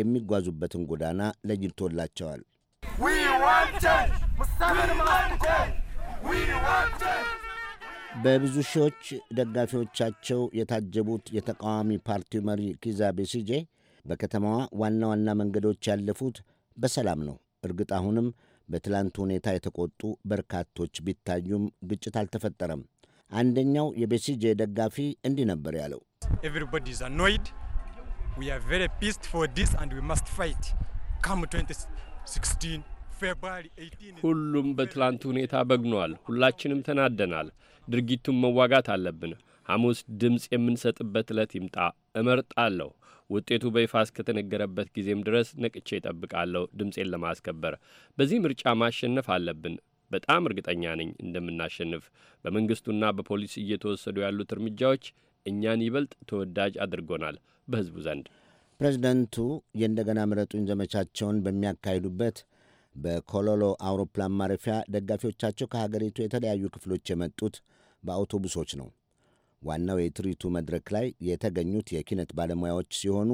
የሚጓዙበትን ጎዳና ለይቶላቸዋል። በብዙ ሺዎች ደጋፊዎቻቸው የታጀቡት የተቃዋሚ ፓርቲው መሪ ኪዛ ቤሲጄ በከተማዋ ዋና ዋና መንገዶች ያለፉት በሰላም ነው። እርግጥ አሁንም በትላንቱ ሁኔታ የተቆጡ በርካቶች ቢታዩም ግጭት አልተፈጠረም። አንደኛው የቤሲጄ ደጋፊ እንዲህ ነበር ያለው። ሁሉም በትላንቱ ሁኔታ በግኗል። ሁላችንም ተናደናል። ድርጊቱን መዋጋት አለብን። ሐሙስ ድምፅ የምንሰጥበት ዕለት ይምጣ እመርጣለሁ። ውጤቱ በይፋ እስከተነገረበት ጊዜም ድረስ ነቅቼ እጠብቃለሁ፣ ድምፄን ለማስከበር። በዚህ ምርጫ ማሸነፍ አለብን። በጣም እርግጠኛ ነኝ እንደምናሸንፍ። በመንግሥቱና በፖሊስ እየተወሰዱ ያሉት እርምጃዎች እኛን ይበልጥ ተወዳጅ አድርጎናል በሕዝቡ ዘንድ። ፕሬዚደንቱ የእንደገና ምረጡኝ ዘመቻቸውን በሚያካሂዱበት በኮሎሎ አውሮፕላን ማረፊያ ደጋፊዎቻቸው ከሀገሪቱ የተለያዩ ክፍሎች የመጡት በአውቶቡሶች ነው። ዋናው የትርኢቱ መድረክ ላይ የተገኙት የኪነት ባለሙያዎች ሲሆኑ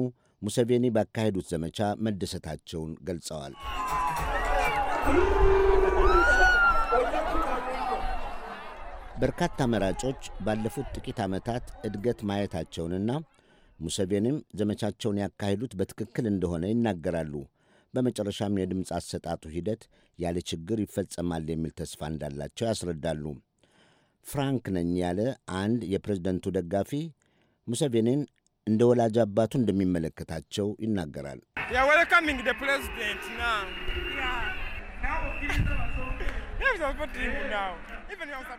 ሙሴቬኒ ባካሄዱት ዘመቻ መደሰታቸውን ገልጸዋል። በርካታ መራጮች ባለፉት ጥቂት ዓመታት እድገት ማየታቸውንና ሙሴቬኒም ዘመቻቸውን ያካሄዱት በትክክል እንደሆነ ይናገራሉ። በመጨረሻም የድምፅ አሰጣጡ ሂደት ያለ ችግር ይፈጸማል የሚል ተስፋ እንዳላቸው ያስረዳሉ። ፍራንክ ነኝ ያለ አንድ የፕሬዝደንቱ ደጋፊ ሙሴቬኒን እንደ ወላጅ አባቱ እንደሚመለከታቸው ይናገራል።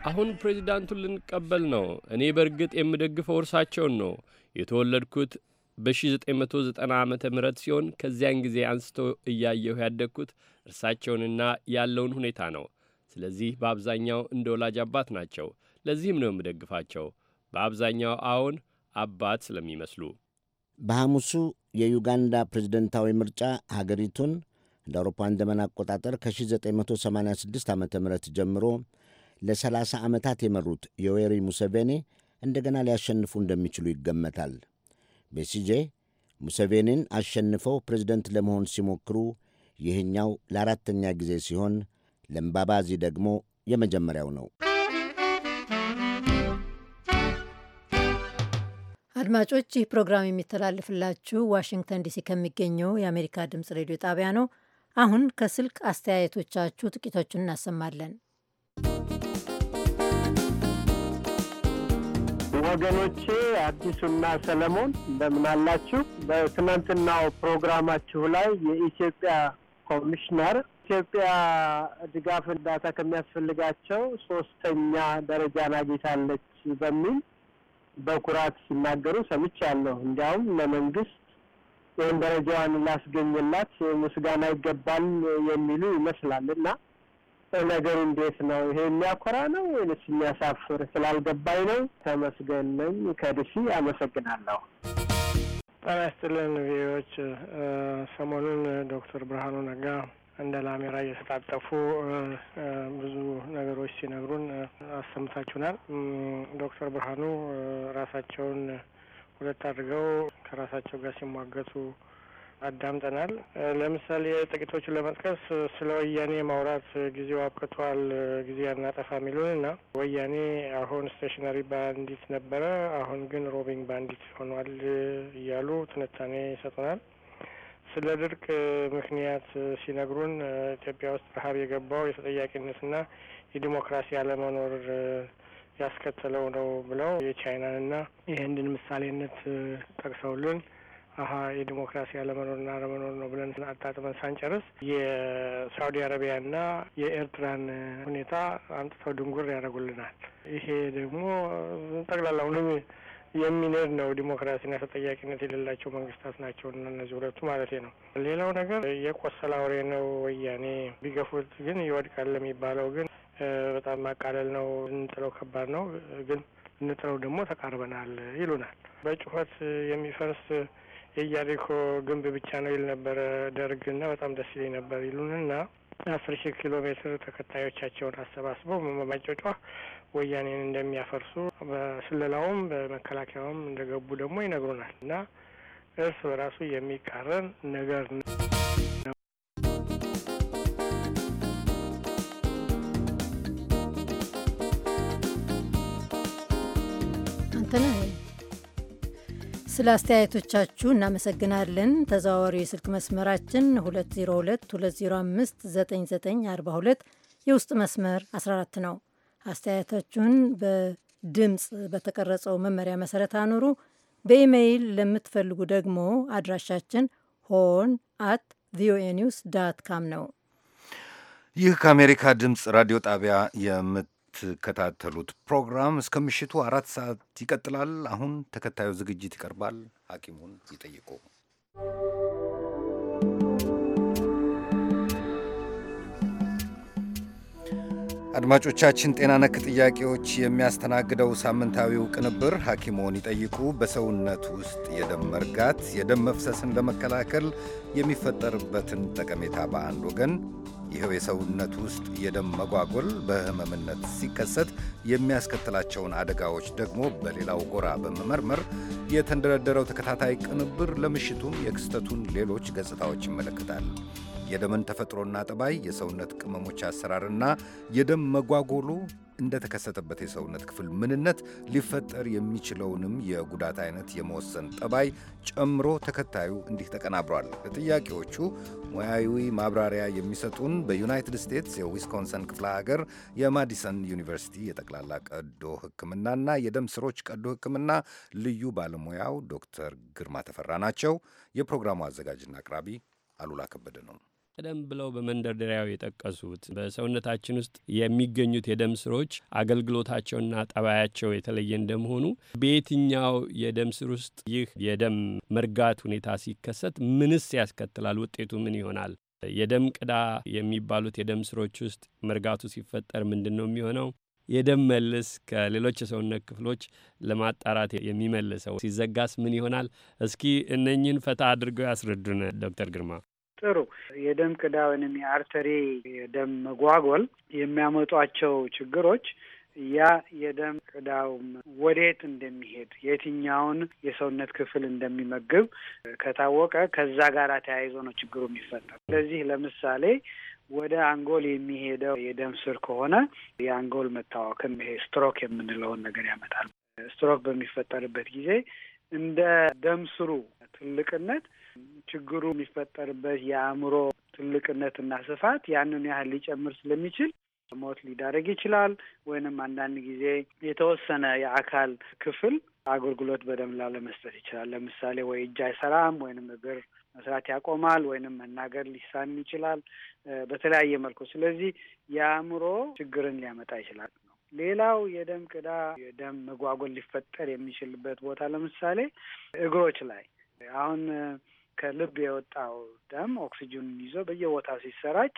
አሁን ፕሬዚዳንቱን ልንቀበል ነው። እኔ በእርግጥ የምደግፈው እርሳቸውን ነው። የተወለድኩት በ1990 ዓ ም ሲሆን ከዚያን ጊዜ አንስቶ እያየሁ ያደግኩት እርሳቸውንና ያለውን ሁኔታ ነው። ስለዚህ በአብዛኛው እንደ ወላጅ አባት ናቸው። ለዚህም ነው የምደግፋቸው። በአብዛኛው አዎን፣ አባት ስለሚመስሉ። በሐሙሱ የዩጋንዳ ፕሬዝደንታዊ ምርጫ ሀገሪቱን እንደ አውሮፓውያን ዘመን አቆጣጠር ከ1986 ዓ ም ጀምሮ ለ30 ዓመታት የመሩት ዮዌሪ ሙሴቬኒ እንደገና ሊያሸንፉ እንደሚችሉ ይገመታል። ቤሲጄ ሙሴቬኒን አሸንፈው ፕሬዝደንት ለመሆን ሲሞክሩ ይህኛው ለአራተኛ ጊዜ ሲሆን ለምባባዚ ደግሞ የመጀመሪያው ነው። አድማጮች ይህ ፕሮግራም የሚተላለፍላችሁ ዋሽንግተን ዲሲ ከሚገኘው የአሜሪካ ድምፅ ሬዲዮ ጣቢያ ነው። አሁን ከስልክ አስተያየቶቻችሁ ጥቂቶችን እናሰማለን። ወገኖቼ አዲሱና ሰለሞን እንደምን አላችሁ? በትናንትናው ፕሮግራማችሁ ላይ የኢትዮጵያ ኮሚሽነር ኢትዮጵያ ድጋፍ እርዳታ ከሚያስፈልጋቸው ሶስተኛ ደረጃ ናጌታለች በሚል በኩራት ሲናገሩ ሰምቻለሁ። እንዲያውም ለመንግስት ይህን ደረጃዋን ላስገኝላት ምስጋና ይገባል የሚሉ ይመስላል እና ነገሩ እንዴት ነው? ይሄ የሚያኮራ ነው ወይስ የሚያሳፍር? ስላልገባኝ ነው። ተመስገን ነኝ ከዲሲ አመሰግናለሁ። ጤና ይስጥልን ቪዎች ሰሞኑን ዶክተር ብርሃኑ ነጋ እንደ ላሜራ እየተጣጠፉ ብዙ ነገሮች ሲነግሩን አሰምታችሁናል። ዶክተር ብርሃኑ ራሳቸውን ሁለት አድርገው ከራሳቸው ጋር ሲሟገቱ አዳምጠናል። ለምሳሌ ጥቂቶቹን ለመጥቀስ ስለ ወያኔ ማውራት ጊዜው አብቅቷል፣ ጊዜ አናጠፋ የሚሉን እና ወያኔ አሁን ስቴሽነሪ ባንዲት ነበረ፣ አሁን ግን ሮቢንግ ባንዲት ሆኗል እያሉ ትንታኔ ይሰጡናል። ስለ ድርቅ ምክንያት ሲነግሩን ኢትዮጵያ ውስጥ ረሀብ የገባው የተጠያቂነትና የዲሞክራሲ አለመኖር ያስከተለው ነው ብለው የቻይናንና የህንድን ምሳሌነት ጠቅሰውልን አሀ የዲሞክራሲ አለመኖርና አለመኖር ነው ብለን አጣጥመን ሳንጨርስ የሳውዲ አረቢያና የኤርትራን ሁኔታ አምጥተው ድንጉር ያደርጉልናል። ይሄ ደግሞ ጠቅላላውንም የሚነድ ነው። ዲሞክራሲና ተጠያቂነት የሌላቸው መንግስታት ናቸው እና እነዚህ ሁለቱ ማለት ነው። ሌላው ነገር የቆሰላ አውሬ ነው ወያኔ። ቢገፉት ግን ይወድቃል የሚባለው ግን በጣም ማቃለል ነው። እንጥለው ከባድ ነው ግን እንጥለው ደግሞ ተቃርበናል ይሉናል። በጩኸት የሚፈርስ የኢያሪኮ ግንብ ብቻ ነው ይል ነበረ ደርግ ና በጣም ደስ ይለኝ ነበር ይሉንና አስር ሺህ ኪሎ ሜትር ተከታዮቻቸውን አሰባስበው መማጮጫ ወያኔን እንደሚያፈርሱ በስለላውም በመከላከያውም እንደገቡ ደግሞ ይነግሩናል እና እርስ በራሱ የሚቃረን ነገር ነው። ስለ አስተያየቶቻችሁ እናመሰግናለን። ተዘዋዋሪው የስልክ መስመራችን 2022059942 የውስጥ መስመር 14 ነው። አስተያየታችሁን በድምፅ በተቀረጸው መመሪያ መሰረት አኑሩ። በኢሜይል ለምትፈልጉ ደግሞ አድራሻችን ሆን አት ቪኦኤ ኒውስ ዳት ካም ነው። ይህ ከአሜሪካ ድምፅ ራዲዮ ጣቢያ የምት የምትከታተሉት ፕሮግራም እስከ ምሽቱ አራት ሰዓት ይቀጥላል። አሁን ተከታዩ ዝግጅት ይቀርባል። ሐኪሙን ይጠይቁ። አድማጮቻችን ጤና ነክ ጥያቄዎች የሚያስተናግደው ሳምንታዊው ቅንብር ሐኪሞን ይጠይቁ በሰውነት ውስጥ የደም መርጋት፣ የደም መፍሰስን ለመከላከል የሚፈጠርበትን ጠቀሜታ በአንድ ወገን ይኸው የሰውነት ውስጥ የደም መጓጎል በህመምነት ሲከሰት የሚያስከትላቸውን አደጋዎች ደግሞ በሌላው ጎራ በመመርመር የተንደረደረው ተከታታይ ቅንብር ለምሽቱም የክስተቱን ሌሎች ገጽታዎች ይመለከታል። የደምን ተፈጥሮና ጠባይ፣ የሰውነት ቅመሞች አሰራርና የደም መጓጎሉ እንደተከሰተበት የሰውነት ክፍል ምንነት ሊፈጠር የሚችለውንም የጉዳት አይነት የመወሰን ጠባይ ጨምሮ ተከታዩ እንዲህ ተቀናብሯል። ለጥያቄዎቹ ሙያዊ ማብራሪያ የሚሰጡን በዩናይትድ ስቴትስ የዊስኮንሰን ክፍለ ሀገር የማዲሰን ዩኒቨርሲቲ የጠቅላላ ቀዶ ሕክምናና የደም ስሮች ቀዶ ሕክምና ልዩ ባለሙያው ዶክተር ግርማ ተፈራ ናቸው። የፕሮግራሙ አዘጋጅና አቅራቢ አሉላ ከበደ ነው። ቀደም ብለው በመንደርደሪያው የጠቀሱት በሰውነታችን ውስጥ የሚገኙት የደም ስሮች አገልግሎታቸውና ጠባያቸው የተለየ እንደመሆኑ በየትኛው የደም ስር ውስጥ ይህ የደም መርጋት ሁኔታ ሲከሰት ምንስ ያስከትላል? ውጤቱ ምን ይሆናል? የደም ቅዳ የሚባሉት የደም ስሮች ውስጥ መርጋቱ ሲፈጠር ምንድን ነው የሚሆነው? የደም መልስ ከሌሎች የሰውነት ክፍሎች ለማጣራት የሚመልሰው ሲዘጋስ ምን ይሆናል? እስኪ እነኝን ፈታ አድርገው ያስረዱን ዶክተር ግርማ። ጥሩ የደም ቅዳ ወይም የአርተሪ የደም መጓጎል የሚያመጧቸው ችግሮች ያ የደም ቅዳው ወዴት እንደሚሄድ የትኛውን የሰውነት ክፍል እንደሚመግብ ከታወቀ ከዛ ጋር ተያይዞ ነው ችግሩ የሚፈጠር። ስለዚህ ለምሳሌ ወደ አንጎል የሚሄደው የደም ስር ከሆነ የአንጎል መታወክም ይሄ ስትሮክ የምንለውን ነገር ያመጣል። ስትሮክ በሚፈጠርበት ጊዜ እንደ ደም ስሩ ትልቅነት ችግሩ የሚፈጠርበት የአእምሮ ትልቅነትና ስፋት ያንን ያህል ሊጨምር ስለሚችል ሞት ሊዳረግ ይችላል። ወይንም አንዳንድ ጊዜ የተወሰነ የአካል ክፍል አገልግሎት በደንብ ላለመስጠት ይችላል። ለምሳሌ ወይ እጅ አይሰራም፣ ወይንም እግር መስራት ያቆማል፣ ወይንም መናገር ሊሳን ይችላል በተለያየ መልኩ። ስለዚህ የአእምሮ ችግርን ሊያመጣ ይችላል ነው። ሌላው የደም ቅዳ የደም መጓጎል ሊፈጠር የሚችልበት ቦታ ለምሳሌ እግሮች ላይ አሁን ከልብ የወጣው ደም ኦክሲጅን ይዞ በየቦታው ሲሰራጭ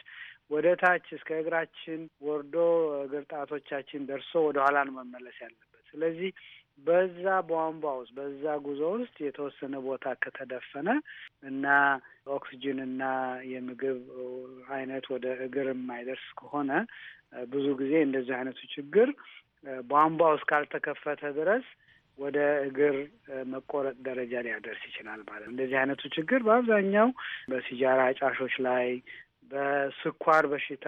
ወደ ታች እስከ እግራችን ወርዶ እግር ጣቶቻችን ደርሶ ወደ ኋላ ነው መመለስ ያለበት። ስለዚህ በዛ ቧንቧ ውስጥ በዛ ጉዞ ውስጥ የተወሰነ ቦታ ከተደፈነ እና ኦክሲጅን እና የምግብ አይነት ወደ እግር የማይደርስ ከሆነ ብዙ ጊዜ እንደዚህ አይነቱ ችግር ቧንቧ ውስጥ ካልተከፈተ ድረስ ወደ እግር መቆረጥ ደረጃ ሊያደርስ ይችላል ማለት ነው። እንደዚህ አይነቱ ችግር በአብዛኛው በሲጃራ ጫሾች ላይ በስኳር በሽታ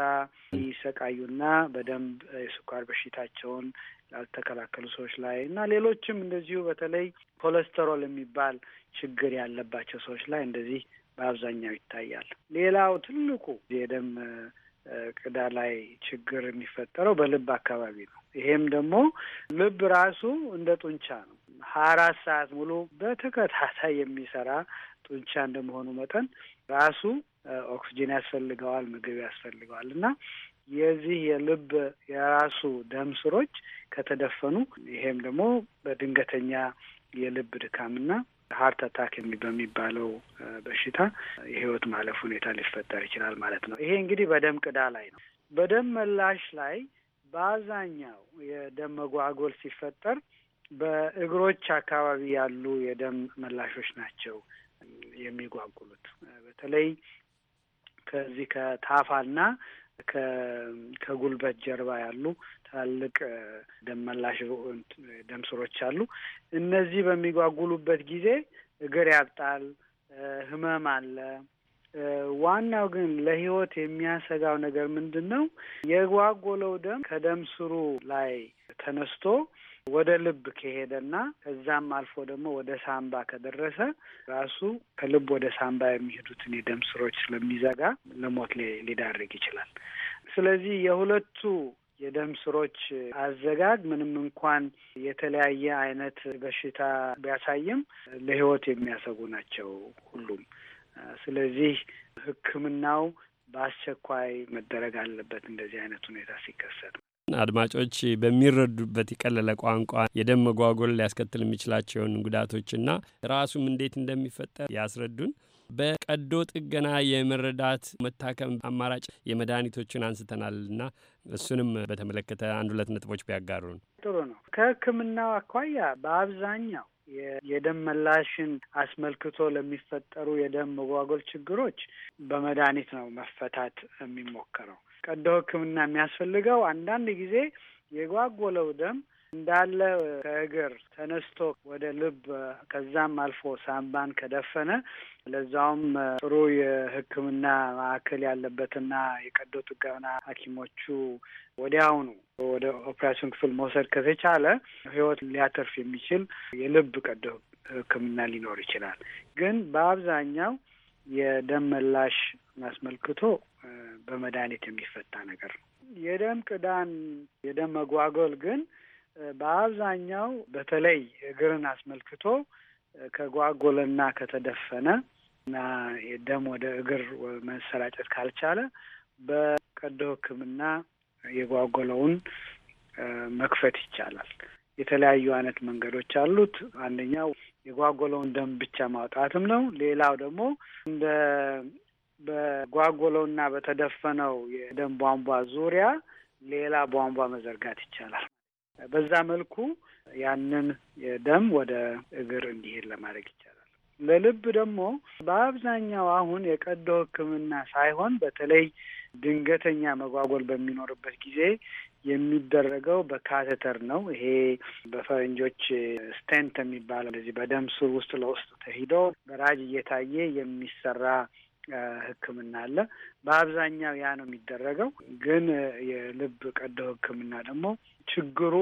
ይሰቃዩና በደንብ የስኳር በሽታቸውን ያልተከላከሉ ሰዎች ላይ እና ሌሎችም እንደዚሁ በተለይ ኮሌስተሮል የሚባል ችግር ያለባቸው ሰዎች ላይ እንደዚህ በአብዛኛው ይታያል። ሌላው ትልቁ የደም ቅዳ ላይ ችግር የሚፈጠረው በልብ አካባቢ ነው። ይሄም ደግሞ ልብ ራሱ እንደ ጡንቻ ነው። ሀያ አራት ሰዓት ሙሉ በተከታታይ የሚሰራ ጡንቻ እንደመሆኑ መጠን ራሱ ኦክስጂን ያስፈልገዋል፣ ምግብ ያስፈልገዋል እና የዚህ የልብ የራሱ ደም ስሮች ከተደፈኑ ይሄም ደግሞ በድንገተኛ የልብ ድካምና ሀርት አታክ በሚባለው በሽታ የህይወት ማለፍ ሁኔታ ሊፈጠር ይችላል ማለት ነው። ይሄ እንግዲህ በደም ቅዳ ላይ ነው። በደም መላሽ ላይ በአብዛኛው የደም መጓጎል ሲፈጠር በእግሮች አካባቢ ያሉ የደም መላሾች ናቸው የሚጓጉሉት በተለይ ከዚህ ከታፋና ከጉልበት ጀርባ ያሉ ትላልቅ ደመላሽ ደምስሮች አሉ። እነዚህ በሚጓጉሉበት ጊዜ እግር ያብጣል፣ ህመም አለ። ዋናው ግን ለህይወት የሚያሰጋው ነገር ምንድን ነው? የጓጎለው ደም ከደም ስሩ ላይ ተነስቶ ወደ ልብ ከሄደና ከዛም አልፎ ደግሞ ወደ ሳምባ ከደረሰ ራሱ ከልብ ወደ ሳምባ የሚሄዱትን የደም ስሮች ስለሚዘጋ ለሞት ሊዳርግ ይችላል። ስለዚህ የሁለቱ የደም ስሮች አዘጋግ ምንም እንኳን የተለያየ አይነት በሽታ ቢያሳይም ለህይወት የሚያሰጉ ናቸው ሁሉም። ስለዚህ ሕክምናው በአስቸኳይ መደረግ አለበት እንደዚህ አይነት ሁኔታ ሲከሰት። አድማጮች በሚረዱበት የቀለለ ቋንቋ የደም መጓጎል ሊያስከትል የሚችላቸውን ጉዳቶችና ራሱም እንዴት እንደሚፈጠር ያስረዱን። በቀዶ ጥገና የመረዳት መታከም አማራጭ የመድኃኒቶችን አንስተናልና እሱንም በተመለከተ አንድ ሁለት ነጥቦች ቢያጋሩን ጥሩ ነው። ከሕክምናው አኳያ በአብዛኛው የደም መላሽን አስመልክቶ ለሚፈጠሩ የደም መጓጎል ችግሮች በመድኃኒት ነው መፈታት የሚሞከረው። ቀዶ ሕክምና የሚያስፈልገው አንዳንድ ጊዜ የጓጎለው ደም እንዳለ ከእግር ተነስቶ ወደ ልብ ከዛም አልፎ ሳምባን ከደፈነ ለዛውም ጥሩ የሕክምና ማዕከል ያለበትና የቀዶ ጥገና ሐኪሞቹ ወዲያውኑ ወደ ኦፕሬሽን ክፍል መውሰድ ከተቻለ ሕይወት ሊያተርፍ የሚችል የልብ ቀዶ ሕክምና ሊኖር ይችላል። ግን በአብዛኛው የደም መላሽ አስመልክቶ በመድኃኒት የሚፈታ ነገር ነው። የደም ቅዳን የደም መጓጎል ግን በአብዛኛው በተለይ እግርን አስመልክቶ ከጓጎለና ከተደፈነ እና የደም ወደ እግር መሰራጨት ካልቻለ በቀዶ ሕክምና የጓጎለውን መክፈት ይቻላል። የተለያዩ አይነት መንገዶች አሉት። አንደኛው የጓጎለውን ደም ብቻ ማውጣትም ነው። ሌላው ደግሞ እንደ ና በተደፈነው የደም ቧንቧ ዙሪያ ሌላ ቧንቧ መዘርጋት ይቻላል። በዛ መልኩ ያንን ደም ወደ እግር እንዲሄድ ለማድረግ ይቻላል። ለልብ ደግሞ በአብዛኛው አሁን የቀዶ ሕክምና ሳይሆን በተለይ ድንገተኛ መጓጎል በሚኖርበት ጊዜ የሚደረገው በካተተር ነው። ይሄ በፈረንጆች ስቴንት የሚባለው እንደዚህ በደም ስር ውስጥ ለውስጥ ተሂዶ በራጅ እየታየ የሚሰራ ሕክምና አለ። በአብዛኛው ያ ነው የሚደረገው። ግን የልብ ቀዶ ሕክምና ደግሞ ችግሩ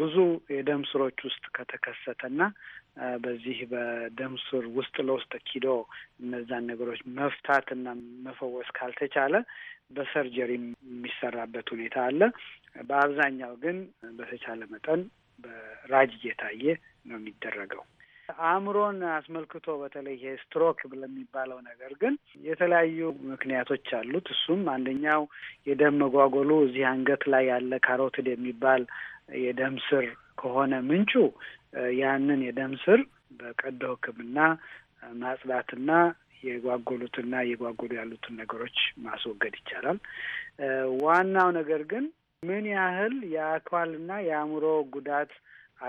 ብዙ የደም ስሮች ውስጥ ከተከሰተና በዚህ በደም ስር ውስጥ ለውስጥ ኪዶ እነዛን ነገሮች መፍታትና መፈወስ ካልተቻለ በሰርጀሪ የሚሰራበት ሁኔታ አለ። በአብዛኛው ግን በተቻለ መጠን በራጅ እየታየ ነው የሚደረገው። አእምሮን አስመልክቶ በተለይ ይሄ ስትሮክ ለሚባለው ነገር ግን የተለያዩ ምክንያቶች አሉት። እሱም አንደኛው የደም መጓጎሉ እዚህ አንገት ላይ ያለ ካሮትድ የሚባል የደም ስር ከሆነ ምንጩ ያንን የደም ስር በቀዶ ሕክምና ማጽዳትና የጓጎሉትና እየጓጎሉ ያሉትን ነገሮች ማስወገድ ይቻላል። ዋናው ነገር ግን ምን ያህል የአካልና የአእምሮ ጉዳት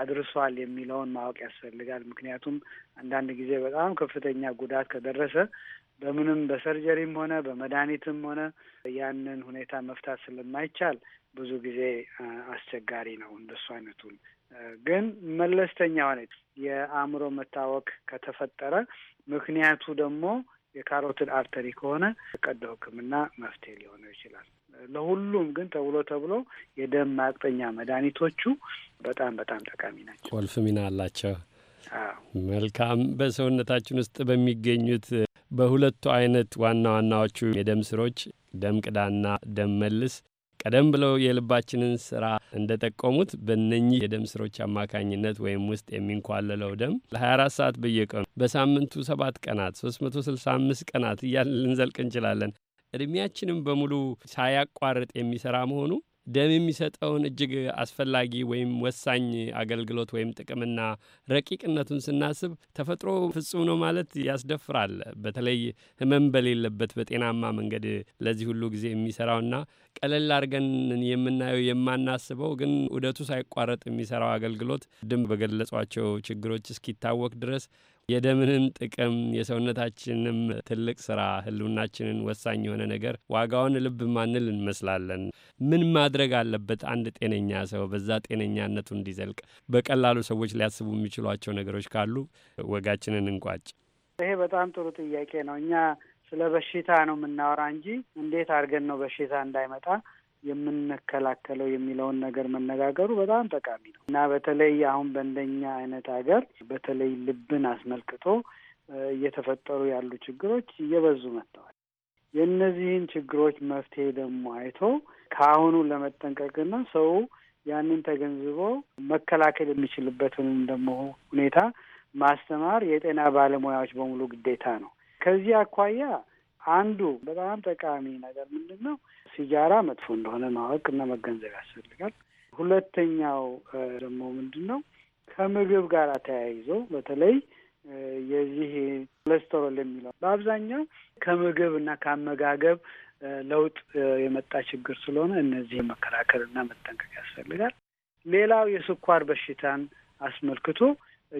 አድርሷል የሚለውን ማወቅ ያስፈልጋል። ምክንያቱም አንዳንድ ጊዜ በጣም ከፍተኛ ጉዳት ከደረሰ በምንም በሰርጀሪም ሆነ በመድኃኒትም ሆነ ያንን ሁኔታ መፍታት ስለማይቻል ብዙ ጊዜ አስቸጋሪ ነው እንደሱ አይነቱን ግን መለስተኛ ሆነች የአእምሮ መታወክ ከተፈጠረ ምክንያቱ ደግሞ የካሮቲድ አርተሪ ከሆነ ቀዶ ሕክምና መፍትሄ ሊሆነው ይችላል። ለሁሉም ግን ተብሎ ተብሎ የደም ማቅጠኛ መድኃኒቶቹ በጣም በጣም ጠቃሚ ናቸው። ቁልፍ ሚና አላቸው። መልካም። በሰውነታችን ውስጥ በሚገኙት በሁለቱ አይነት ዋና ዋናዎቹ የደም ስሮች ደም ቅዳና ደም መልስ ቀደም ብለው የልባችንን ስራ እንደጠቆሙት በነኚህ የደም ስሮች አማካኝነት ወይም ውስጥ የሚንኳለለው ደም ለ24 ሰዓት በየቀኑ በሳምንቱ ሰባት ቀናት 365 ቀናት እያልን ልንዘልቅ እንችላለን። እድሜያችንም በሙሉ ሳያቋርጥ የሚሰራ መሆኑ ደም የሚሰጠውን እጅግ አስፈላጊ ወይም ወሳኝ አገልግሎት ወይም ጥቅምና ረቂቅነቱን ስናስብ ተፈጥሮ ፍጹም ነው ማለት ያስደፍራል። በተለይ ህመም በሌለበት በጤናማ መንገድ ለዚህ ሁሉ ጊዜ የሚሰራውና ቀለል አድርገን የምናየው የማናስበው ግን ውደቱ ሳይቋረጥ የሚሰራው አገልግሎት ድም በገለጿቸው ችግሮች እስኪታወቅ ድረስ የደምንም ጥቅም የሰውነታችንንም ትልቅ ስራ ህልውናችንን ወሳኝ የሆነ ነገር ዋጋውን ልብ ማንል እንመስላለን። ምን ማድረግ አለበት አንድ ጤነኛ ሰው በዛ ጤነኛነቱ እንዲዘልቅ በቀላሉ ሰዎች ሊያስቡ የሚችሏቸው ነገሮች ካሉ ወጋችንን እንቋጭ። ይሄ በጣም ጥሩ ጥያቄ ነው። እኛ ስለ በሽታ ነው የምናወራ እንጂ እንዴት አድርገን ነው በሽታ እንዳይመጣ የምንከላከለው የሚለውን ነገር መነጋገሩ በጣም ጠቃሚ ነው እና በተለይ አሁን በእንደኛ አይነት ሀገር በተለይ ልብን አስመልክቶ እየተፈጠሩ ያሉ ችግሮች እየበዙ መጥተዋል። የእነዚህን ችግሮች መፍትሄ ደግሞ አይቶ ከአሁኑ ለመጠንቀቅና ሰው ያንን ተገንዝቦ መከላከል የሚችልበትን ደግሞ ሁኔታ ማስተማር የጤና ባለሙያዎች በሙሉ ግዴታ ነው። ከዚህ አኳያ አንዱ በጣም ጠቃሚ ነገር ምንድን ነው? ሲጋራ መጥፎ እንደሆነ ማወቅ እና መገንዘብ ያስፈልጋል። ሁለተኛው ደግሞ ምንድን ነው? ከምግብ ጋር ተያይዞ በተለይ የዚህ ኮሌስተሮል የሚለው በአብዛኛው ከምግብ እና ከአመጋገብ ለውጥ የመጣ ችግር ስለሆነ እነዚህ መከላከል እና መጠንቀቅ ያስፈልጋል። ሌላው የስኳር በሽታን አስመልክቶ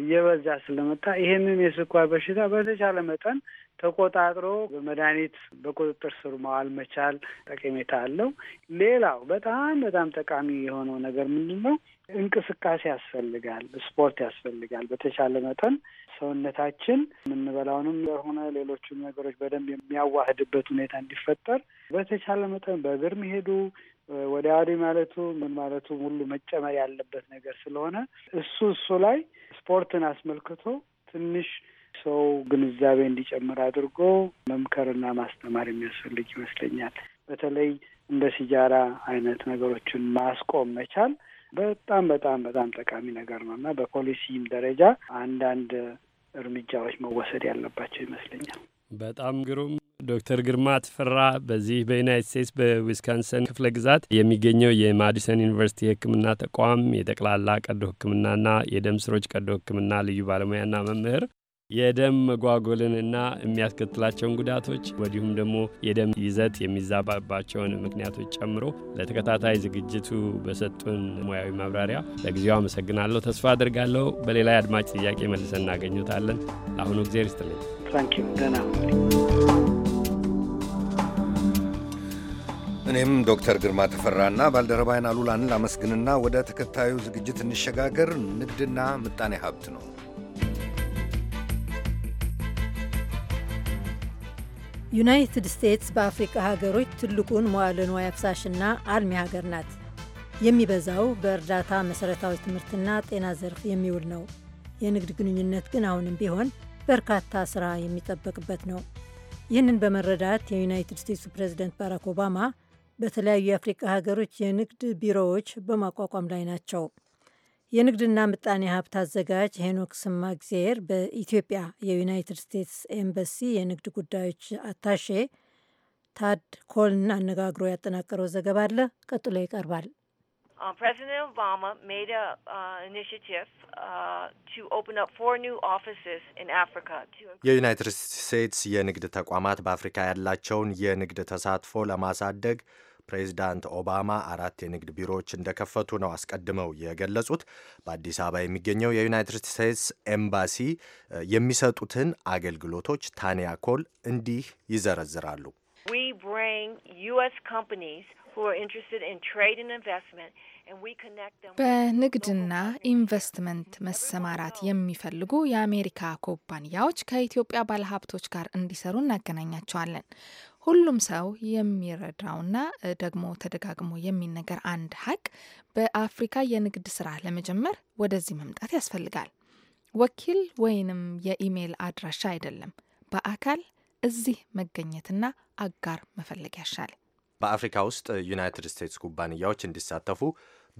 እየበዛ ስለመጣ ይሄንን የስኳር በሽታ በተቻለ መጠን ተቆጣጥሮ በመድኃኒት በቁጥጥር ስር መዋል መቻል ጠቀሜታ አለው። ሌላው በጣም በጣም ጠቃሚ የሆነው ነገር ምንድን ነው? እንቅስቃሴ ያስፈልጋል። ስፖርት ያስፈልጋል። በተቻለ መጠን ሰውነታችን የምንበላውንም ሆነ ሌሎቹን ነገሮች በደንብ የሚያዋህድበት ሁኔታ እንዲፈጠር በተቻለ መጠን በእግር መሄዱ ወደ አዲ ማለቱ ምን ማለቱ ሁሉ መጨመር ያለበት ነገር ስለሆነ እሱ እሱ ላይ ስፖርትን አስመልክቶ ትንሽ ሰው ግንዛቤ እንዲጨምር አድርጎ መምከርና ማስተማር የሚያስፈልግ ይመስለኛል። በተለይ እንደ ሲጃራ አይነት ነገሮችን ማስቆም መቻል በጣም በጣም በጣም ጠቃሚ ነገር ነው እና በፖሊሲም ደረጃ አንዳንድ እርምጃዎች መወሰድ ያለባቸው ይመስለኛል። በጣም ግሩም ዶክተር ግርማ ተፈራ በዚህ በዩናይት ስቴትስ በዊስካንሰን ክፍለ ግዛት የሚገኘው የማዲሰን ዩኒቨርሲቲ የሕክምና ተቋም የጠቅላላ ቀዶ ሕክምናና የደም ስሮች ቀዶ ሕክምና ልዩ ባለሙያና መምህር የደም መጓጎልንና የሚያስከትላቸውን ጉዳቶች ወዲሁም ደግሞ የደም ይዘት የሚዛባባቸውን ምክንያቶች ጨምሮ ለተከታታይ ዝግጅቱ በሰጡን ሙያዊ ማብራሪያ ለጊዜው አመሰግናለሁ። ተስፋ አድርጋለሁ በሌላ የአድማጭ ጥያቄ መልሰን እናገኙታለን። ለአሁኑ ጊዜ ርስትልኝ እኔም ዶክተር ግርማ ተፈራና ባልደረባይን አሉላን ላመስግንና ወደ ተከታዩ ዝግጅት እንሸጋገር። ንግድና ምጣኔ ሀብት ነው። ዩናይትድ ስቴትስ በአፍሪቃ ሀገሮች ትልቁን መዋለ ንዋይ አፍሳሽና አልሚ ሀገር ናት። የሚበዛው በእርዳታ መሰረታዊ ትምህርትና ጤና ዘርፍ የሚውል ነው። የንግድ ግንኙነት ግን አሁንም ቢሆን በርካታ ስራ የሚጠበቅበት ነው። ይህንን በመረዳት የዩናይትድ ስቴትሱ ፕሬዚደንት ባራክ ኦባማ በተለያዩ የአፍሪቃ ሀገሮች የንግድ ቢሮዎች በማቋቋም ላይ ናቸው። የንግድና ምጣኔ ሀብት አዘጋጅ ሄኖክ ስማግዜር በኢትዮጵያ የዩናይትድ ስቴትስ ኤምበሲ የንግድ ጉዳዮች አታሼ ታድ ኮልን አነጋግሮ ያጠናቀረው ዘገባ አለ፣ ቀጥሎ ይቀርባል። ኦባማ uh, uh, uh, የዩናይትድ ስቴትስ የንግድ ተቋማት በአፍሪካ ያላቸውን የንግድ ተሳትፎ ለማሳደግ ፕሬዚዳንት ኦባማ አራት የንግድ ቢሮዎች እንደከፈቱ ነው አስቀድመው የገለጹት። በአዲስ አበባ የሚገኘው የዩናይትድ ስቴትስ ኤምባሲ የሚሰጡትን አገልግሎቶች ታንያ ኮል እንዲህ ይዘረዝራሉ። በንግድና ኢንቨስትመንት መሰማራት የሚፈልጉ የአሜሪካ ኩባንያዎች ከኢትዮጵያ ባለሀብቶች ጋር እንዲሰሩ እናገናኛቸዋለን። ሁሉም ሰው የሚረዳውና ደግሞ ተደጋግሞ የሚነገር አንድ ሀቅ በአፍሪካ የንግድ ስራ ለመጀመር ወደዚህ መምጣት ያስፈልጋል። ወኪል ወይንም የኢሜይል አድራሻ አይደለም፣ በአካል እዚህ መገኘትና አጋር መፈለግ ያሻል። በአፍሪካ ውስጥ ዩናይትድ ስቴትስ ኩባንያዎች እንዲሳተፉ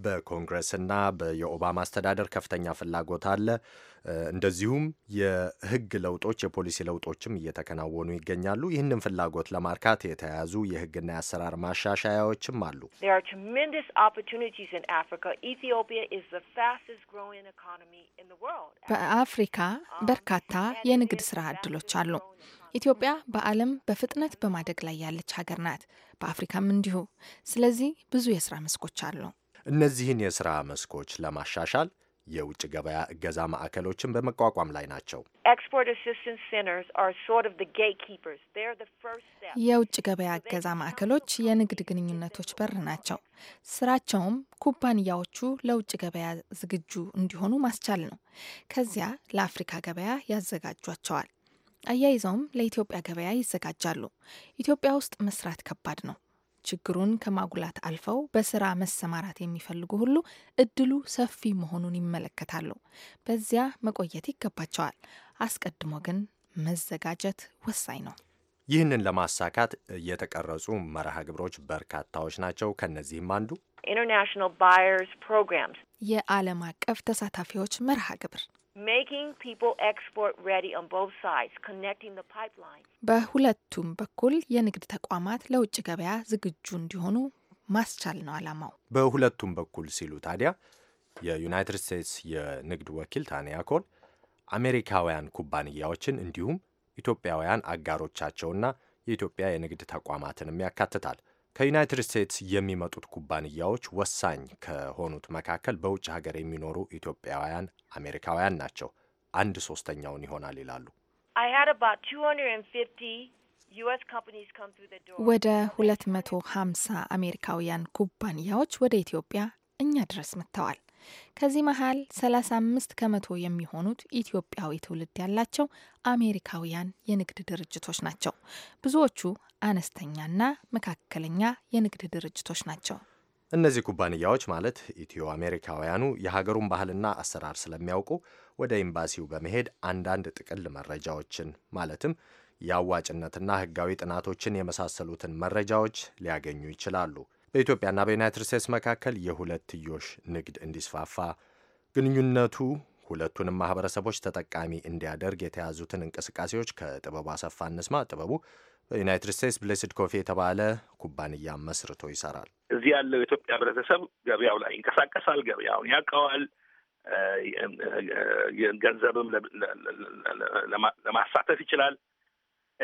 በኮንግረስና የኦባማ አስተዳደር ከፍተኛ ፍላጎት አለ። እንደዚሁም የህግ ለውጦች፣ የፖሊሲ ለውጦችም እየተከናወኑ ይገኛሉ። ይህንን ፍላጎት ለማርካት የተያያዙ የህግና የአሰራር ማሻሻያዎችም አሉ። በአፍሪካ በርካታ የንግድ ስራ እድሎች አሉ። ኢትዮጵያ በዓለም በፍጥነት በማደግ ላይ ያለች ሀገር ናት። በአፍሪካም እንዲሁ። ስለዚህ ብዙ የስራ መስኮች አሉ። እነዚህን የስራ መስኮች ለማሻሻል የውጭ ገበያ እገዛ ማዕከሎችን በመቋቋም ላይ ናቸው። የውጭ ገበያ እገዛ ማዕከሎች የንግድ ግንኙነቶች በር ናቸው። ስራቸውም ኩባንያዎቹ ለውጭ ገበያ ዝግጁ እንዲሆኑ ማስቻል ነው። ከዚያ ለአፍሪካ ገበያ ያዘጋጇቸዋል። አያይዘውም ለኢትዮጵያ ገበያ ይዘጋጃሉ። ኢትዮጵያ ውስጥ መስራት ከባድ ነው። ችግሩን ከማጉላት አልፈው በስራ መሰማራት የሚፈልጉ ሁሉ እድሉ ሰፊ መሆኑን ይመለከታሉ። በዚያ መቆየት ይገባቸዋል። አስቀድሞ ግን መዘጋጀት ወሳኝ ነው። ይህንን ለማሳካት የተቀረጹ መርሃ ግብሮች በርካታዎች ናቸው። ከነዚህም አንዱ ኢንተርናሽናል ባየርስ ፕሮግራምስ የዓለም አቀፍ ተሳታፊዎች መርሃ ግብር making people export ready on both sides, connecting the pipeline. በሁለቱም በኩል የንግድ ተቋማት ለውጭ ገበያ ዝግጁ እንዲሆኑ ማስቻል ነው ዓላማው። በሁለቱም በኩል ሲሉ ታዲያ የዩናይትድ ስቴትስ የንግድ ወኪል ታንያ ኮል አሜሪካውያን ኩባንያዎችን እንዲሁም ኢትዮጵያውያን አጋሮቻቸውና የኢትዮጵያ የንግድ ተቋማትንም ያካትታል። ከዩናይትድ ስቴትስ የሚመጡት ኩባንያዎች ወሳኝ ከሆኑት መካከል በውጭ ሀገር የሚኖሩ ኢትዮጵያውያን አሜሪካውያን ናቸው። አንድ ሶስተኛውን ይሆናል ይላሉ። ወደ 250 አሜሪካውያን ኩባንያዎች ወደ ኢትዮጵያ እኛ ድረስ መጥተዋል። ከዚህ መሀል 35 ከመቶ የሚሆኑት ኢትዮጵያዊ ትውልድ ያላቸው አሜሪካውያን የንግድ ድርጅቶች ናቸው። ብዙዎቹ አነስተኛና መካከለኛ የንግድ ድርጅቶች ናቸው። እነዚህ ኩባንያዎች ማለት ኢትዮ አሜሪካውያኑ የሀገሩን ባህልና አሰራር ስለሚያውቁ ወደ ኤምባሲው በመሄድ አንዳንድ ጥቅል መረጃዎችን ማለትም የአዋጭነትና ሕጋዊ ጥናቶችን የመሳሰሉትን መረጃዎች ሊያገኙ ይችላሉ። በኢትዮጵያና በዩናይትድ ስቴትስ መካከል የሁለትዮሽ ንግድ እንዲስፋፋ ግንኙነቱ ሁለቱንም ማህበረሰቦች ተጠቃሚ እንዲያደርግ የተያዙትን እንቅስቃሴዎች ከጥበቡ አሰፋ እንስማ። ጥበቡ በዩናይትድ ስቴትስ ብሌስድ ኮፊ የተባለ ኩባንያ መስርቶ ይሰራል። እዚህ ያለው የኢትዮጵያ ህብረተሰብ ገበያው ላይ ይንቀሳቀሳል፣ ገበያውን ያውቀዋል። ገንዘብም ለማሳተፍ ይችላል።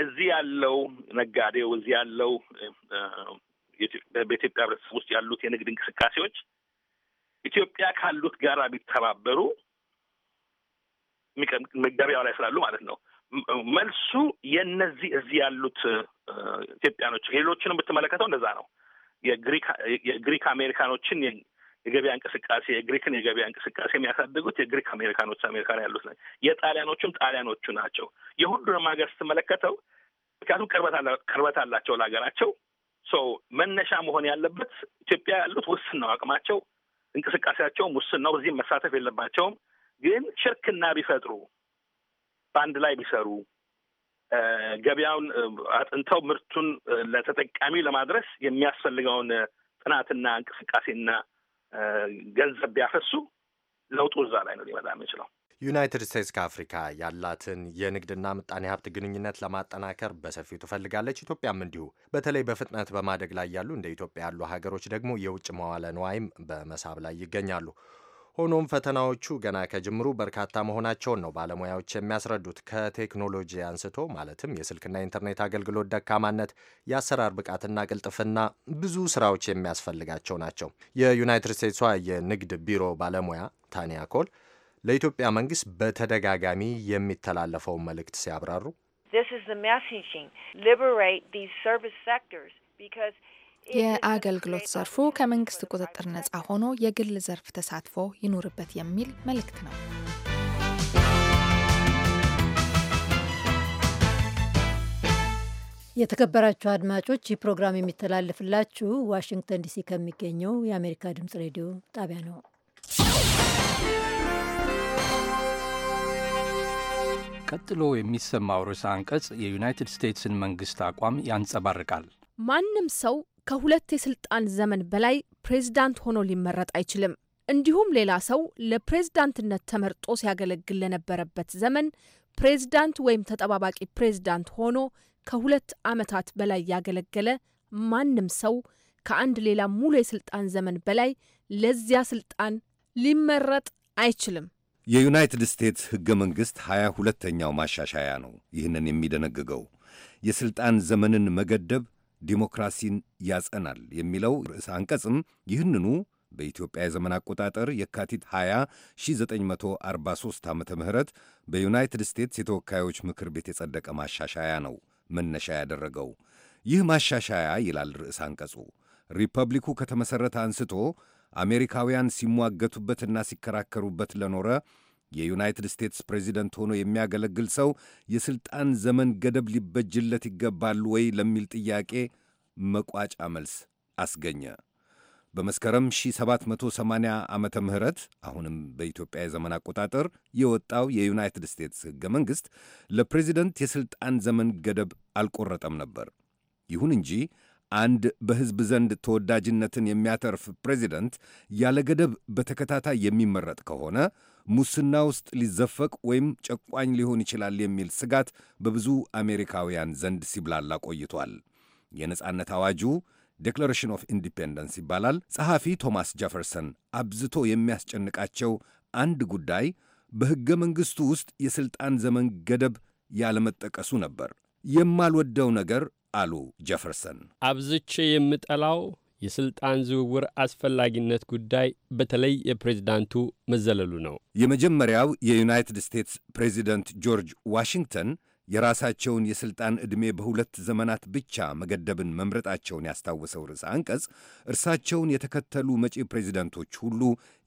እዚህ ያለው ነጋዴው፣ እዚህ ያለው በኢትዮጵያ ህብረተሰብ ውስጥ ያሉት የንግድ እንቅስቃሴዎች ኢትዮጵያ ካሉት ጋራ ቢተባበሩ መገበያው ላይ ስላሉ ማለት ነው። መልሱ የነዚህ እዚህ ያሉት ኢትዮጵያኖች ሌሎችንም ብትመለከተው እንደዛ ነው። የግሪክ አሜሪካኖችን የገበያ እንቅስቃሴ የግሪክን የገበያ እንቅስቃሴ የሚያሳድጉት የግሪክ አሜሪካኖች አሜሪካን ያሉት ነው። የጣሊያኖቹም ጣሊያኖቹ ናቸው። የሁሉንም ሀገር ስትመለከተው ምክንያቱም ቅርበት አላቸው ለሀገራቸው ሶ መነሻ መሆን ያለበት ኢትዮጵያ ያሉት ውስን ነው አቅማቸው፣ እንቅስቃሴያቸውም ውስን ነው። እዚህም መሳተፍ የለባቸውም። ግን ሽርክና ቢፈጥሩ በአንድ ላይ ቢሰሩ ገበያውን አጥንተው ምርቱን ለተጠቃሚ ለማድረስ የሚያስፈልገውን ጥናትና እንቅስቃሴና ገንዘብ ቢያፈሱ ለውጡ እዛ ላይ ነው ሊመጣ የሚችለው። ዩናይትድ ስቴትስ ከአፍሪካ ያላትን የንግድና ምጣኔ ሀብት ግንኙነት ለማጠናከር በሰፊው ትፈልጋለች። ኢትዮጵያም እንዲሁ። በተለይ በፍጥነት በማደግ ላይ ያሉ እንደ ኢትዮጵያ ያሉ ሀገሮች ደግሞ የውጭ መዋለ ንዋይም በመሳብ ላይ ይገኛሉ። ሆኖም ፈተናዎቹ ገና ከጅምሩ በርካታ መሆናቸውን ነው ባለሙያዎች የሚያስረዱት። ከቴክኖሎጂ አንስቶ ማለትም የስልክና ኢንተርኔት አገልግሎት ደካማነት፣ የአሰራር ብቃትና ቅልጥፍና ብዙ ስራዎች የሚያስፈልጋቸው ናቸው። የዩናይትድ ስቴትሷ የንግድ ቢሮ ባለሙያ ታኒያ ኮል ለኢትዮጵያ መንግስት በተደጋጋሚ የሚተላለፈውን መልእክት ሲያብራሩ የአገልግሎት ዘርፉ ከመንግስት ቁጥጥር ነጻ ሆኖ የግል ዘርፍ ተሳትፎ ይኑርበት የሚል መልእክት ነው። የተከበራችሁ አድማጮች ይህ ፕሮግራም የሚተላለፍላችሁ ዋሽንግተን ዲሲ ከሚገኘው የአሜሪካ ድምጽ ሬዲዮ ጣቢያ ነው። ቀጥሎ የሚሰማው ርዕሰ አንቀጽ የዩናይትድ ስቴትስን መንግስት አቋም ያንጸባርቃል። ማንም ሰው ከሁለት የስልጣን ዘመን በላይ ፕሬዝዳንት ሆኖ ሊመረጥ አይችልም። እንዲሁም ሌላ ሰው ለፕሬዝዳንትነት ተመርጦ ሲያገለግል ለነበረበት ዘመን ፕሬዝዳንት ወይም ተጠባባቂ ፕሬዝዳንት ሆኖ ከሁለት ዓመታት በላይ ያገለገለ ማንም ሰው ከአንድ ሌላ ሙሉ የስልጣን ዘመን በላይ ለዚያ ስልጣን ሊመረጥ አይችልም። የዩናይትድ ስቴትስ ሕገ መንግሥት ሀያ ሁለተኛው ማሻሻያ ነው ይህንን የሚደነግገው የሥልጣን ዘመንን መገደብ ዲሞክራሲን ያጸናል የሚለው ርዕስ አንቀጽም ይህንኑ በኢትዮጵያ የዘመን አቆጣጠር የካቲት 20 1943 ዓ ም በዩናይትድ ስቴትስ የተወካዮች ምክር ቤት የጸደቀ ማሻሻያ ነው መነሻ ያደረገው። ይህ ማሻሻያ ይላል ርዕስ አንቀጹ ሪፐብሊኩ ከተመሠረተ አንስቶ አሜሪካውያን ሲሟገቱበትና ሲከራከሩበት ለኖረ የዩናይትድ ስቴትስ ፕሬዚደንት ሆኖ የሚያገለግል ሰው የሥልጣን ዘመን ገደብ ሊበጅለት ይገባል ወይ ለሚል ጥያቄ መቋጫ መልስ አስገኘ። በመስከረም 1780 ዓ ም አሁንም በኢትዮጵያ የዘመን አቆጣጠር የወጣው የዩናይትድ ስቴትስ ሕገ መንግሥት ለፕሬዚደንት የሥልጣን ዘመን ገደብ አልቆረጠም ነበር። ይሁን እንጂ አንድ በሕዝብ ዘንድ ተወዳጅነትን የሚያተርፍ ፕሬዚደንት ያለ ገደብ በተከታታይ የሚመረጥ ከሆነ ሙስና ውስጥ ሊዘፈቅ ወይም ጨቋኝ ሊሆን ይችላል የሚል ስጋት በብዙ አሜሪካውያን ዘንድ ሲብላላ ቆይቷል። የነጻነት አዋጁ ዴክላሬሽን ኦፍ ኢንዲፔንደንስ ይባላል። ጸሐፊ ቶማስ ጀፈርሰን አብዝቶ የሚያስጨንቃቸው አንድ ጉዳይ በሕገ መንግሥቱ ውስጥ የሥልጣን ዘመን ገደብ ያለመጠቀሱ ነበር። የማልወደው ነገር አሉ ጀፈርሰን፣ አብዝቼ የምጠላው የሥልጣን ዝውውር አስፈላጊነት ጉዳይ በተለይ የፕሬዚዳንቱ መዘለሉ ነው። የመጀመሪያው የዩናይትድ ስቴትስ ፕሬዚደንት ጆርጅ ዋሽንግተን የራሳቸውን የሥልጣን ዕድሜ በሁለት ዘመናት ብቻ መገደብን መምረጣቸውን ያስታወሰው ርዕሰ አንቀጽ እርሳቸውን የተከተሉ መጪ ፕሬዚደንቶች ሁሉ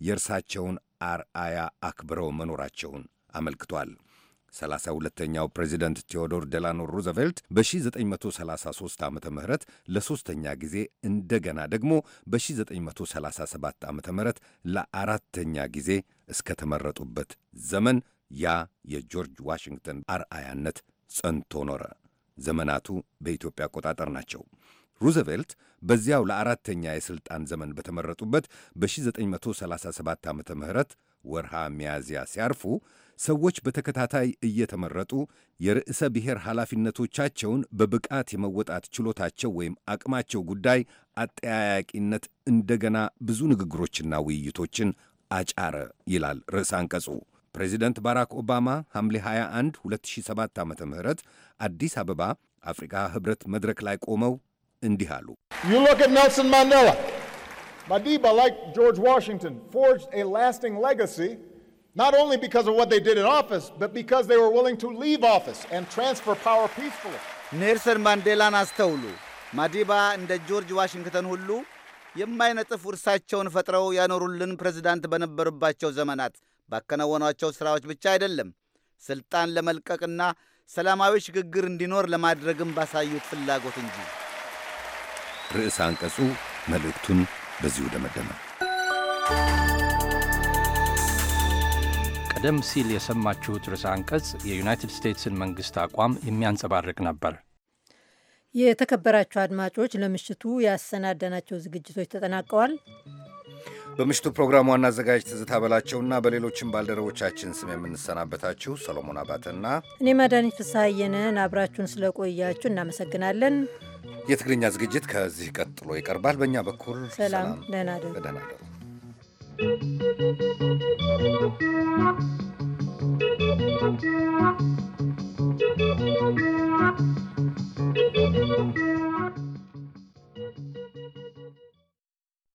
የእርሳቸውን አርአያ አክብረው መኖራቸውን አመልክቷል። 32ኛው ፕሬዚደንት ቴዎዶር ዴላኖር ሩዘቬልት በ1933 ዓ ም ለሦስተኛ ጊዜ እንደገና ደግሞ በ1937 ዓ ም ለአራተኛ ጊዜ እስከተመረጡበት ዘመን ያ የጆርጅ ዋሽንግተን አርአያነት ጸንቶ ኖረ። ዘመናቱ በኢትዮጵያ አቆጣጠር ናቸው። ሩዘቬልት በዚያው ለአራተኛ የሥልጣን ዘመን በተመረጡበት በ1937 ዓ ም ወርሃ ሚያዝያ ሲያርፉ ሰዎች በተከታታይ እየተመረጡ የርዕሰ ብሔር ኃላፊነቶቻቸውን በብቃት የመወጣት ችሎታቸው ወይም አቅማቸው ጉዳይ አጠያያቂነት እንደገና ብዙ ንግግሮችና ውይይቶችን አጫረ ይላል ርዕሰ አንቀጹ። ፕሬዚደንት ባራክ ኦባማ ሐምሌ 21 2007 ዓ ም አዲስ አበባ አፍሪካ ኅብረት መድረክ ላይ ቆመው እንዲህ አሉ። ኔልሰን ማንዴላ ማዲባ ላይክ ጆርጅ ዋሽንግተን ፎርጅድ ኤ ላስቲንግ ሌጋሲ not only because of what they did in office, but because they were willing to leave office and transfer power peacefully. ኔልሰን ማንዴላን አስተውሉ። ማዲባ እንደ ጆርጅ ዋሽንግተን ሁሉ የማይነጥፍ ውርሳቸውን ፈጥረው ያኖሩልን ፕሬዝዳንት በነበሩባቸው ዘመናት ባከናወኗቸው ሥራዎች ብቻ አይደለም፣ ሥልጣን ለመልቀቅና ሰላማዊ ሽግግር እንዲኖር ለማድረግም ባሳዩት ፍላጎት እንጂ። ርዕስ አንቀጹ መልእክቱን በዚሁ ደመደመ። ቀደም ሲል የሰማችሁት ርዕሰ አንቀጽ የዩናይትድ ስቴትስን መንግሥት አቋም የሚያንጸባርቅ ነበር። የተከበራችሁ አድማጮች፣ ለምሽቱ ያሰናዳናቸው ዝግጅቶች ተጠናቀዋል። በምሽቱ ፕሮግራም ዋና አዘጋጅ ትዝታ በላቸውና በሌሎችም ባልደረቦቻችን ስም የምንሰናበታችሁ ሰሎሞን አባተና እኔ ማዳኒት ፍስሐየንን አብራችሁን ስለቆያችሁ እናመሰግናለን። የትግርኛ ዝግጅት ከዚህ ቀጥሎ ይቀርባል። በእኛ በኩል ሰላም፣ ደህና ደሩ።